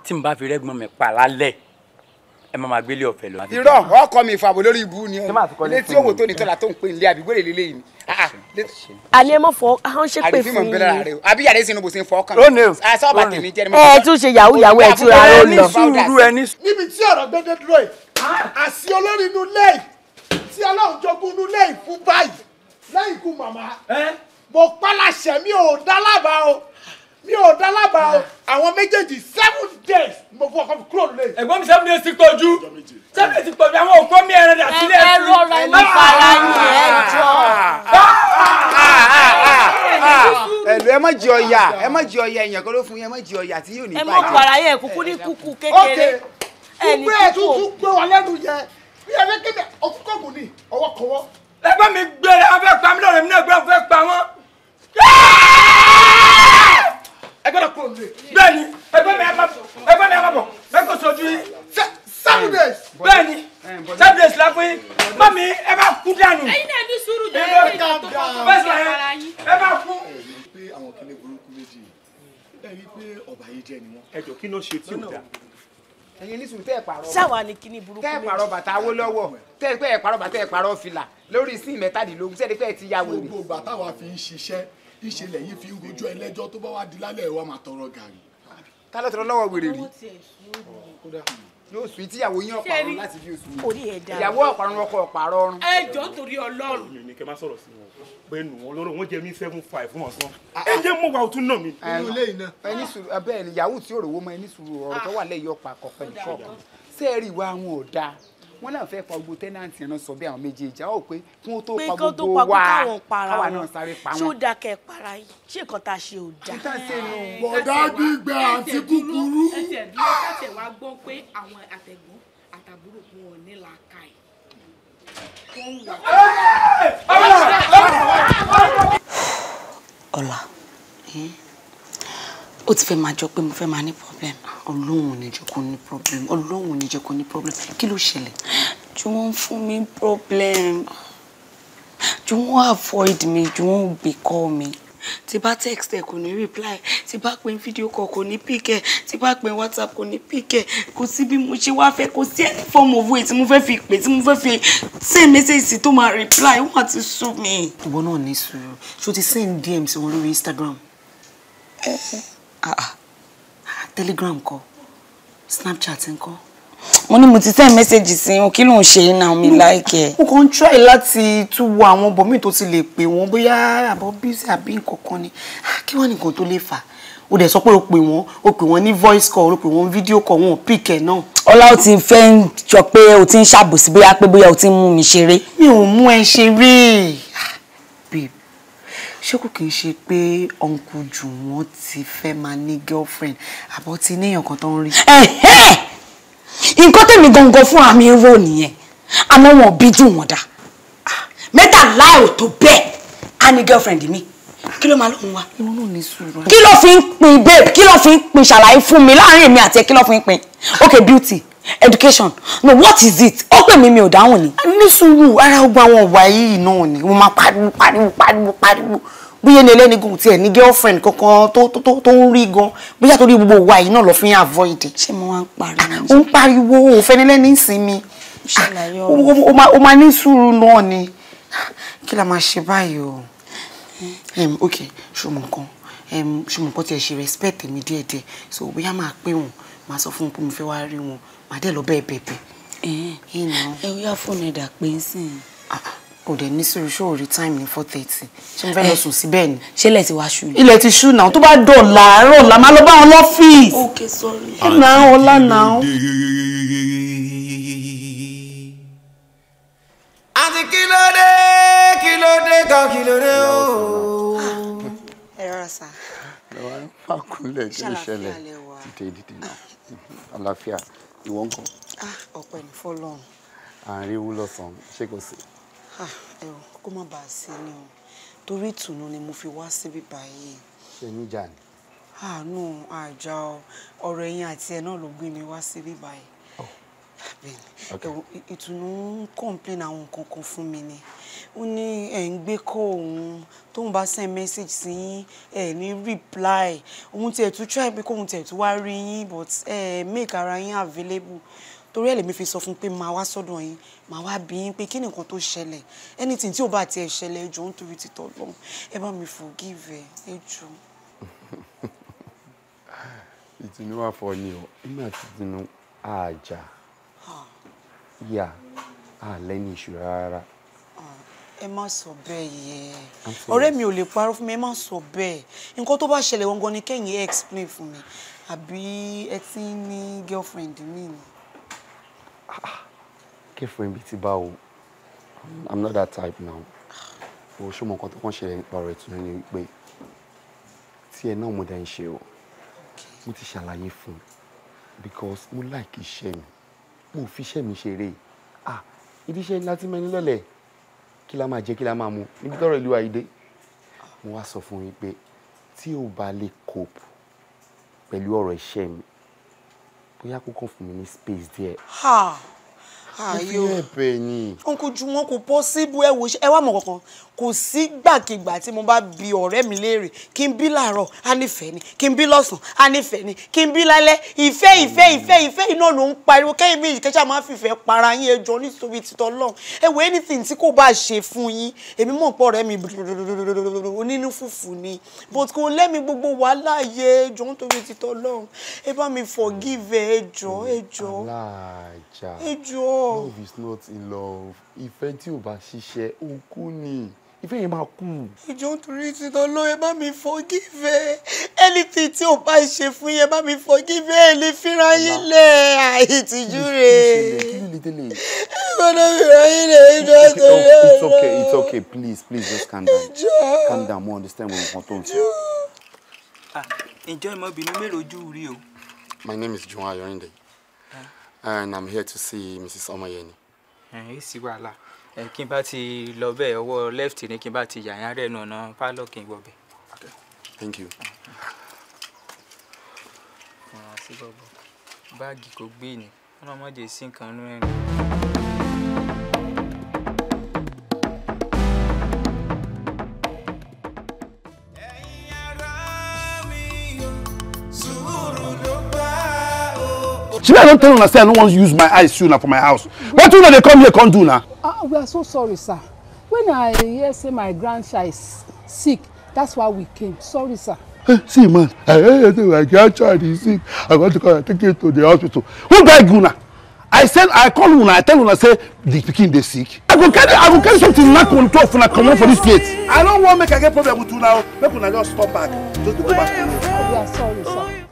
tí n bá fi rẹgbọn mi pa lálẹ́ ẹ máa ma gbélé ọ̀fẹ́ lọ. irọ́ ọkọ mi ìfàbọ̀ lórí ibu ni ọ létí òwò tó ní tọ́lá tó ń pè ní àbí gbèrè lílé yìí. Ah, ah, àlẹ́ mọ́ fọ ahọ́n ṣe pé fún mi. àbí yàrá ìsinmi bò ṣe ń fọ ọkàn. ó ní o àṣà ọba tèmi jẹ́ ẹni. ẹ tún ṣe yahoo yahoo ẹ tún ra ó lọ. níbi tí ọ̀rọ̀ gbẹ́dẹ́ dúró yìí àṣì olórí inú lẹ́yìn tí ọlọ́run jogún inú lẹ́yìn fún báyìí lẹ́yìn ikú màmá mo pálá ṣẹ̀mí ò dálábàá o mi ò dá lábàá àwọn méjèèjì seven days mo fún ọkọ kúrò lé. ẹ̀gbọ́n mi seven days ti pọ̀jù seven days ti pọ̀jù àwọn òkú mi ẹran àti ilé ẹ̀sìn. ẹ rọra ẹni fara yín ẹ jọ. ẹ̀lú ẹ má jí ọ̀yà ẹ má jí ọ̀yà èèyàn kan fún yín ẹ má jí ọ̀yà tí yóò ní báyìí. ẹ mọ̀ pàrọ̀ ayé kúkú ní kúkú kékeré. ẹnì kúkú kúkú gbé wa lẹ́nu yẹ bí ẹ fẹ́ kéde òkúkọ̀ọ̀gùn ni ọwọ́ kọ́wọ́. ẹgbẹ́ mi gbé ẹ fẹ́ pa mí mi náà gbé ẹ fẹ́ pa wọ́n ẹgbẹ́dọ̀ kúrò nílé bẹ́ẹ̀ni ẹgbẹ́ mi ẹgbẹ́ mi ẹgbẹ́ mẹ́kò sojú yín seven days bẹ́ẹ̀ni seven days la pé mami ẹ bá kú dànù ẹyin náà ní sùúrù jẹ́ ẹyin náà tó kọ́ bẹ́sẹ̀ ẹ bá kú. pé àwọn kìnìún burúkú méjì ẹ rí i pé ọ̀bàyéjẹ́ ni wọ́n. ẹ jọ kí ló ṣe tí ò dáa ẹyin nísìnyí tẹ ẹ pààrọ̀ sáwa ni kíní burúkú tẹ ẹ pààrọ̀ bàtà awó lọ́wọ́ tẹ ẹ pẹ ẹ pààrọ̀ bàtà ẹ pààrọ̀ fìlà lórí sí mẹ́tàdínlógún tẹ ẹ pẹ ẹ ti yá wèrè. gbogbo bàtà wa fi ń ṣiṣẹ́ ìṣẹ̀lẹ̀ yìí fi ń rojú ẹlẹ́jọ́ tó bá wá di lálẹ́ wa máa tọrọ gàrí. ta ló tọrọ lọ́wọ́ wèrè rí yóò sùn tíyàwó yín ọ̀pàrọ̀ láti bí oṣù yìí ìyàwó ọ̀pàrọ̀ ọkọ ọ̀pàrọ̀ ọrùn. ẹ jọ nítorí Ọlọ́run. mi ni kẹ má sọ̀rọ̀ sí wọn pé nù wọn lọ́rọ̀ wọn jẹ mí seven five fún ọsán ah, ẹ ah. jẹ mọ wa òtún náà mi. inú ilé iná. ẹni sùúrù abẹ́ ẹni yahoo tí òròwó mọ ẹni sùúrù ọ̀rọ̀ tó wà lẹ́yìn ọ̀pá kọ̀pẹ́ nìkọ̀ọ̀kan sẹ́ẹ̀rì ah. wa wọn ò dáa wọ́n náà fẹ́ pa gbogbo tẹ́nàntì náà sọ bí àwọn méjèèjì àwọn pé kí wọ́n tó pa gbogbo wa káwa náà sáré pa wọn. ṣé ó dáa kẹ́ para yìí ṣé nǹkan tá a ṣe ò dáa. títà ṣe nù. bọ̀dá gbígbẹ àti kúkúrú. ẹsẹ̀ dúró kẹsẹ̀ wá gbọ́ pé àwọn àtẹ̀gbọ́n àtàbúrò fún wọn ní làákàyè. ọ̀la ó ti fẹ́ máa jọ pé mo fẹ́ máa ní problem ọlọ́run ò ní jẹ́ kó ní problem ọlọ́run ò ní jẹ́ kó ní problem kí ló ṣẹlẹ̀ ju wọ́n fún mi problem ju wọ́n avoid mi ju wọ́n gbé call mi tí bá text ẹ kò ní reply tí bá pe fídíò call kò ní pick ẹ tí bá pe whatsapp kò ní pick ẹ kò sí bí mo ṣe wá fẹ́ kò sí any form of way tí mo fẹ́ fi pè tí mo fẹ́ fi send message tó máa reply wọ́n ti sú mi. ìwọ náà ní sùúrù ṣó ti send dm sí wọn lórí instagram. Uh eh, -huh. Eh. Ah, ah. Ah, telegram kọ snapchat ńkọ́. mo ní mo ti send message sí o kí ló ń ṣe iná mi láìkẹ́. mo kàn ń try láti tún wo àwọn bòmíì tó ti lè pè wọ́n bóyá àbọ̀ bísí àbí nǹkan kan ni kí wọ́n nìkan tó lè fà o dẹ̀ sọ pé o pè wọ́n o pè wọ́n ní voice call o pè wọ́n video call wọn ò pick ẹ̀ náà. ọlá o ti fẹ́ jọ pé o ti ń ṣàbòsí bóyá pé bóyá o ti ń mú mi ṣeré. mi ò mú ẹ ṣeré ṣé kò kí ṣe pé uncle Jùwọ́n ti fẹ́ máa ní girlfriend àbọ̀ ti níyàn kan tó ń rí. nǹkan tèmi gangan fún àmì rò nìyẹn àmọ́ wọn ò bí jù wọ́n dá ah, mẹ́ta láì ò tó bẹ́ẹ̀ á ní girlfriend mi kí ló máa lóun wa. irun náà ní sùúrù. kí ló fi ń pin babe kí ló fi ń pin ṣàlàyé fún mi láàrin èmi àti ẹ kí ló fi ń pin okay beauty education no what is it ó pè mí mi ò dáhùn ni. ní sùúrù ara ogun àwọn ọ̀wà yìí náà ni mo máa pariwo pariwo pariwo pariwo bóyá ní ẹlẹ́ni gùn tiẹ̀ ní girlfriend kankan tó tó tó ń rí gan bóyá torí gbogbo wa yìí náà lọ fi ń avoid. ṣé mo wá ń pariwo. ó ń pariwo òfin ẹlẹ́ni ìsinmi ó máa ní sùúrù náà ni kí la máa ṣe báyìí o. ok ṣùgbọ́n nǹkan ṣùgbọ́n nǹkan tiẹ̀ ṣe respect mi díẹ̀díẹ̀ so bóyá máa pé wọn máa sọ fún un pé mo fẹ́ wá rí wọn màá dẹ̀ lọ bẹ́ẹ̀ bẹ̀bẹ̀. ẹ ẹ ó yá fóònù ẹ̀dà pé ń sìn. Ah, ah kò dẹ̀ ní sùúrù ṣó rí time ní four thirty ṣé mo fẹ́ lọ eh, sùn síbẹ̀ ni. ṣé ilẹ̀ ti wá ṣú ilẹ̀ ti ṣú náà tó bá dọ̀la àárọ̀ la máa lọ bá wọn lọ́fíìsì. ok sorry. ẹ náà ọlá náà. àti kí ló dé kí ló dé kan kí ló dé o. ẹ rọra sá. lọ́wọ́ ń fà kúnlẹ̀ kí ló ṣẹlẹ̀ títí títí náà àlàáfíà ìwọ ah, ń kọ́. ní fọlọ́run. à wúlọ̀ sàn ṣé kò sí. Ah, ẹ o kó má bàa sí ni o torí ìtùnú ni mo fi wá síbí báyìí. ṣe ní jà ni. àánú ah, àjà ọ̀rọ̀ ẹ̀yin àti ẹ̀ náà ló gbé mi wá síbí báyìí. Oh. ìtùnú ń kọ́ńplẹ́n àwọn nǹkan kan fún mi ni ó ní ẹ̀ ń gbé kọ́ òun tóun bá send message sí yín ẹ̀ ní reply òun tiẹ̀ tún try pé kóun tiẹ̀ tún wá rí yín but ẹ̀ make ara yín available torí ẹ̀ lèmi fi sọ fún pé màá wá sọ́dọ̀ yín màá wá bí yín pé kí ni nǹkan tó ṣẹlẹ̀ anything tí ò bá tiẹ̀ ṣẹlẹ̀ ẹ ń torí ti Ọlọ́run ẹ bá mi forgive ẹ jọ̀ọ́. *laughs* ìtùnú wà fọ ni o èmi àti ìtùnú àjà yà á lẹ́yìn ìṣúra rárá. ẹ má sọ bẹ́ẹ̀ yẹ ọ̀rẹ́ mi ò lè parọ́ fún mi ẹ má sọ bẹ́ẹ̀ nǹkan tó bá ṣẹlẹ̀ gangan ni kẹ́yìn ẹ explain fún mi àbí ẹ ti ń ní girlfriend mi ni kéfìrín bíi ti báwo i'm not that type now o ṣó mọ nǹkan tó kàn ṣẹlẹ̀ nípa ọ̀rọ̀ ìtùnú ni pé tí ẹ náà mo dá ń ṣe o mo ti ṣàlàyé fún because mo like iṣẹ́ mi mo fi iṣẹ́ mi ṣeré ah ibi iṣẹ́ ńlá tí mẹ́ni lọ́lẹ̀ kí la máa jẹ kí la máa mu níbi tọ́rọ̀ ìlú àìdé mo wá sọ fún yín pé tí o bá lè cope pẹ̀lú ọ̀rọ̀ iṣẹ́ mi bóyá kó kàn fún mi ní space díẹ̀ ayò uncle Jùwọ́n kò possible ẹ wò ẹ wá mọ̀ kankan kò sí gbàkigbà tí mo bá bi ọ̀rẹ́ mi léèrè kí n bí làárọ̀ á nífẹ̀ẹ́ ni kí n bí lọ́sàn á nífẹ̀ẹ́ ni kí n bí lálẹ́ ìfẹ́ ìfẹ́ ìfẹ́ ìfẹ́ iná ló ń pariwo kẹ́yìn méjì kẹ́sà máa fìfẹ́ para yín ẹjọ́ nítorí títọ́ lọ́hùn ẹ wò anything tí kò bá ṣe fún yín èmi mọ̀ pọ̀ ọ̀rẹ́ mi onínú fùfù ni but kò lẹ́mi gbogbo wàhálà yẹ ẹjọ́ nítorí títọ́ lọ́hùn ẹ bá mi forgive ẹjọ́ ẹjọ́ ẹjọ́ love. is not in love ìfẹ́ tí ò bá ṣiṣẹ́ ó kú ni ìfẹ́ yẹn máa you don't nítorí it ló ẹ bá mi forgive anything tí ò bá ṣe fún yẹn bá mi forgive ẹ lè fira yín lẹ̀ àìtìjú rẹ̀. kí ló lè oh, it's okay it's okay please please just calm down calm down mo understand wọn nǹkan tó ń sọ. ǹjọ́ ìmọ̀ bínú mélòó jù my name is Juwon Ayọ̀rìndé and i'm here to see mrs Omoyeni. ẹ sì wàhálà ẹ kí n bá ti lọ bẹ́ẹ̀ ọwọ́ left ni kí n bá ti yàyàn rẹ̀ nù ọ̀nà pálọ̀ kí n wọ̀ bẹ́ẹ̀. okay thank you. báàgì kò gbé ni wọn náà má jẹ sí nǹkan nú ẹni. she i don tell una say i no wan use my eyes see una for my house wetin una dey come here come do na. ah we are so sorry sir when i hear say my grandchild is sick that's why we came sorry sir. Hey, eh, see man i hear say my grandchild is sick i want to come and take him to the hospital who beg una i send i call una i tell una say the pikin dey sick i go carry i go carry something knack on top una comot for this gate. i no wan make i get problem with una o make una just stop back just dey go back to your we are sorry sir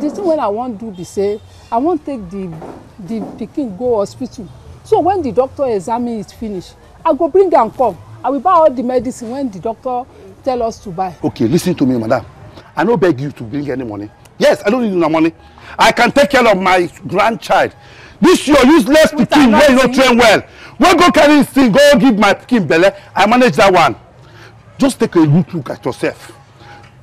the thing wey i wan do be say i wan take the the pikin go hospital so when the doctor examine it finish i go bring am come i will buy all the medicine when the doctor tell us to buy. okay lis ten to me madam i no beg you to bring any money yes i no need una money i can take care of my grandchild this your useless With pikin wey you no train well wey go carry him thing go give my pikin belle i manage that one just take a good look at yourself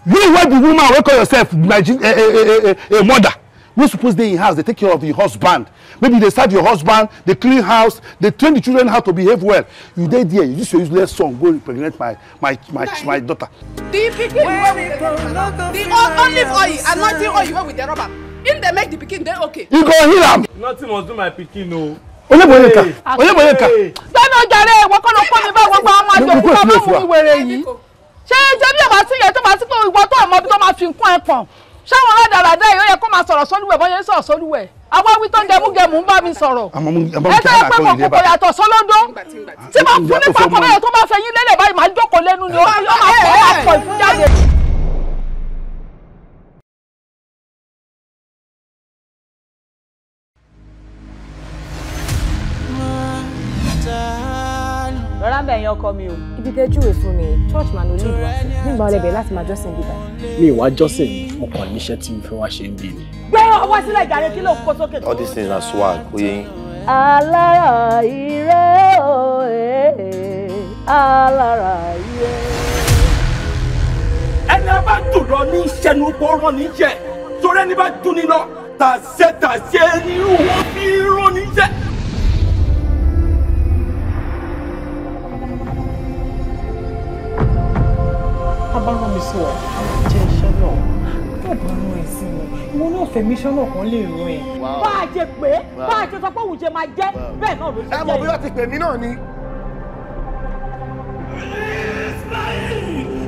you wey be woman wey call yourself a, a, a, a mother wey suppose dey in house dey take care of your husband maybe dey serve your husband dey clean house dey train the children how to behave well you dey there you use your useless son go impregnate my my my my, daughter. the pikin wey we the olive oil and nothing oil wey we dey rub am im dey make the pikin dey okay. you go heal am. nothing must do my pikin o. olébòye nka olébòye nka. gbẹ́nu jàre ìwọ kọ́ ló kọ́ mi báwo gba ọmọ àjọ ìfowópamọ́ mi wèrè yìí ṣé jẹ́bí ẹ̀ máa sí yẹn tó máa sí pé ìwọ tó ọmọ bí tó máa fi nǹkan ẹ̀ pọ̀n ṣáwọn aládàradà yìí ó yẹ kó máa sọ̀rọ̀ sólúwẹ̀ bọ́yẹ ń sọ̀rọ̀ sólúwẹ̀ àwa wí tó ń gẹmúgẹmú ń bá mi sọ̀rọ̀ ẹ tẹ́ ẹ pé mo kò yàtọ̀ sọ́lọ́dọ́ tí mo fún nípa ọkọ̀ bẹ́ẹ̀ tó bá fẹ́ yín lélẹ̀ báyìí máa jókòó lẹ́nu ni ó máa fọ́ àpọ̀ ìfúnjáde. ọkọ mi o. ibi tẹ́ júwe fún mi church man ò léèwà nígbà ọlẹ́bẹ̀ láti máa jọ́sìn bíbá. mi ìwà jọ́sìn mo kàn níṣẹ́ tí mo fẹ́ wá ṣe ń bí ni. gbé ọwọ́ sílẹ̀ ìjàre kí ló kó sókè. all these things are swag ó yẹ yín. alára ire ooo alára ire. ẹni a bá dùn lọ ní ìṣẹ́nu gbọ́rọ̀ níjẹ́ torí ẹni bá dùn ní lọ tàṣẹ tàṣẹ ni wọ́n fi rán níjẹ́. bá rán mi sí ọ àwọn jẹ́ iṣẹ́ náà tó bá rán ẹ sí mi ìwọ náà fẹ̀mí iṣẹ́ náà kan lè rán ẹ. bá a jẹ pé bá a jẹ sọ pé òun jẹ máa jẹ bẹ́ẹ̀ náà ló ṣe jẹ. ẹ mọ̀ bí wọ́n ti pè mí náà ni. Ismail!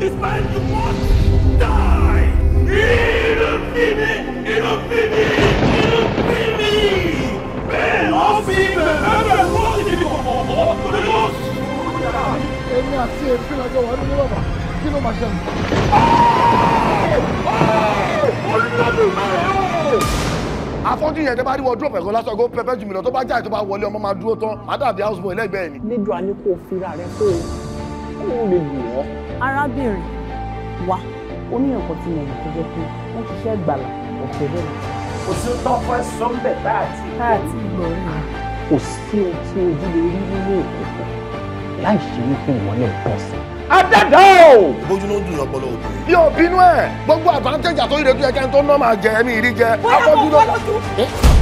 Ismail, you must die! Inú bí kí ló máa ṣẹlẹ̀. afọ́jú yẹn tẹ́ bá rí wọ drop ẹ̀kọ́ lásán kó pẹpẹ jù mí lọ tó bá jáde tó bá wọlé ọmọ máa dúró tán àdàbí houseboy ẹlẹ́gbẹ̀ẹ́ ni. níjọ a ní kó o fira rẹ pé o kò lè lù ọ́. arábìnrin wa ó ní nǹkan tí mo mọ̀ tó jẹ́ pé wọ́n ṣiṣẹ́ gbàlà ọ̀sẹ̀ lẹ́nu. kò sí tó fẹ́ sọ́ńbẹ̀ táàtì. táàtì lọ rí i kò sí ohun tí ojú lè rí nínú òkùnkùn láì ṣe wípé ìwọlé bọ́sẹ̀ adada o. bójú ló ń dùn ọpọlọ òbí. bí òbínú ẹ gbogbo advantage àtòyìnrere tó yẹ kẹ́ni tó ná máa jẹ ẹni ìrí jẹ. bóyá mo bọ́ lójú. Eh?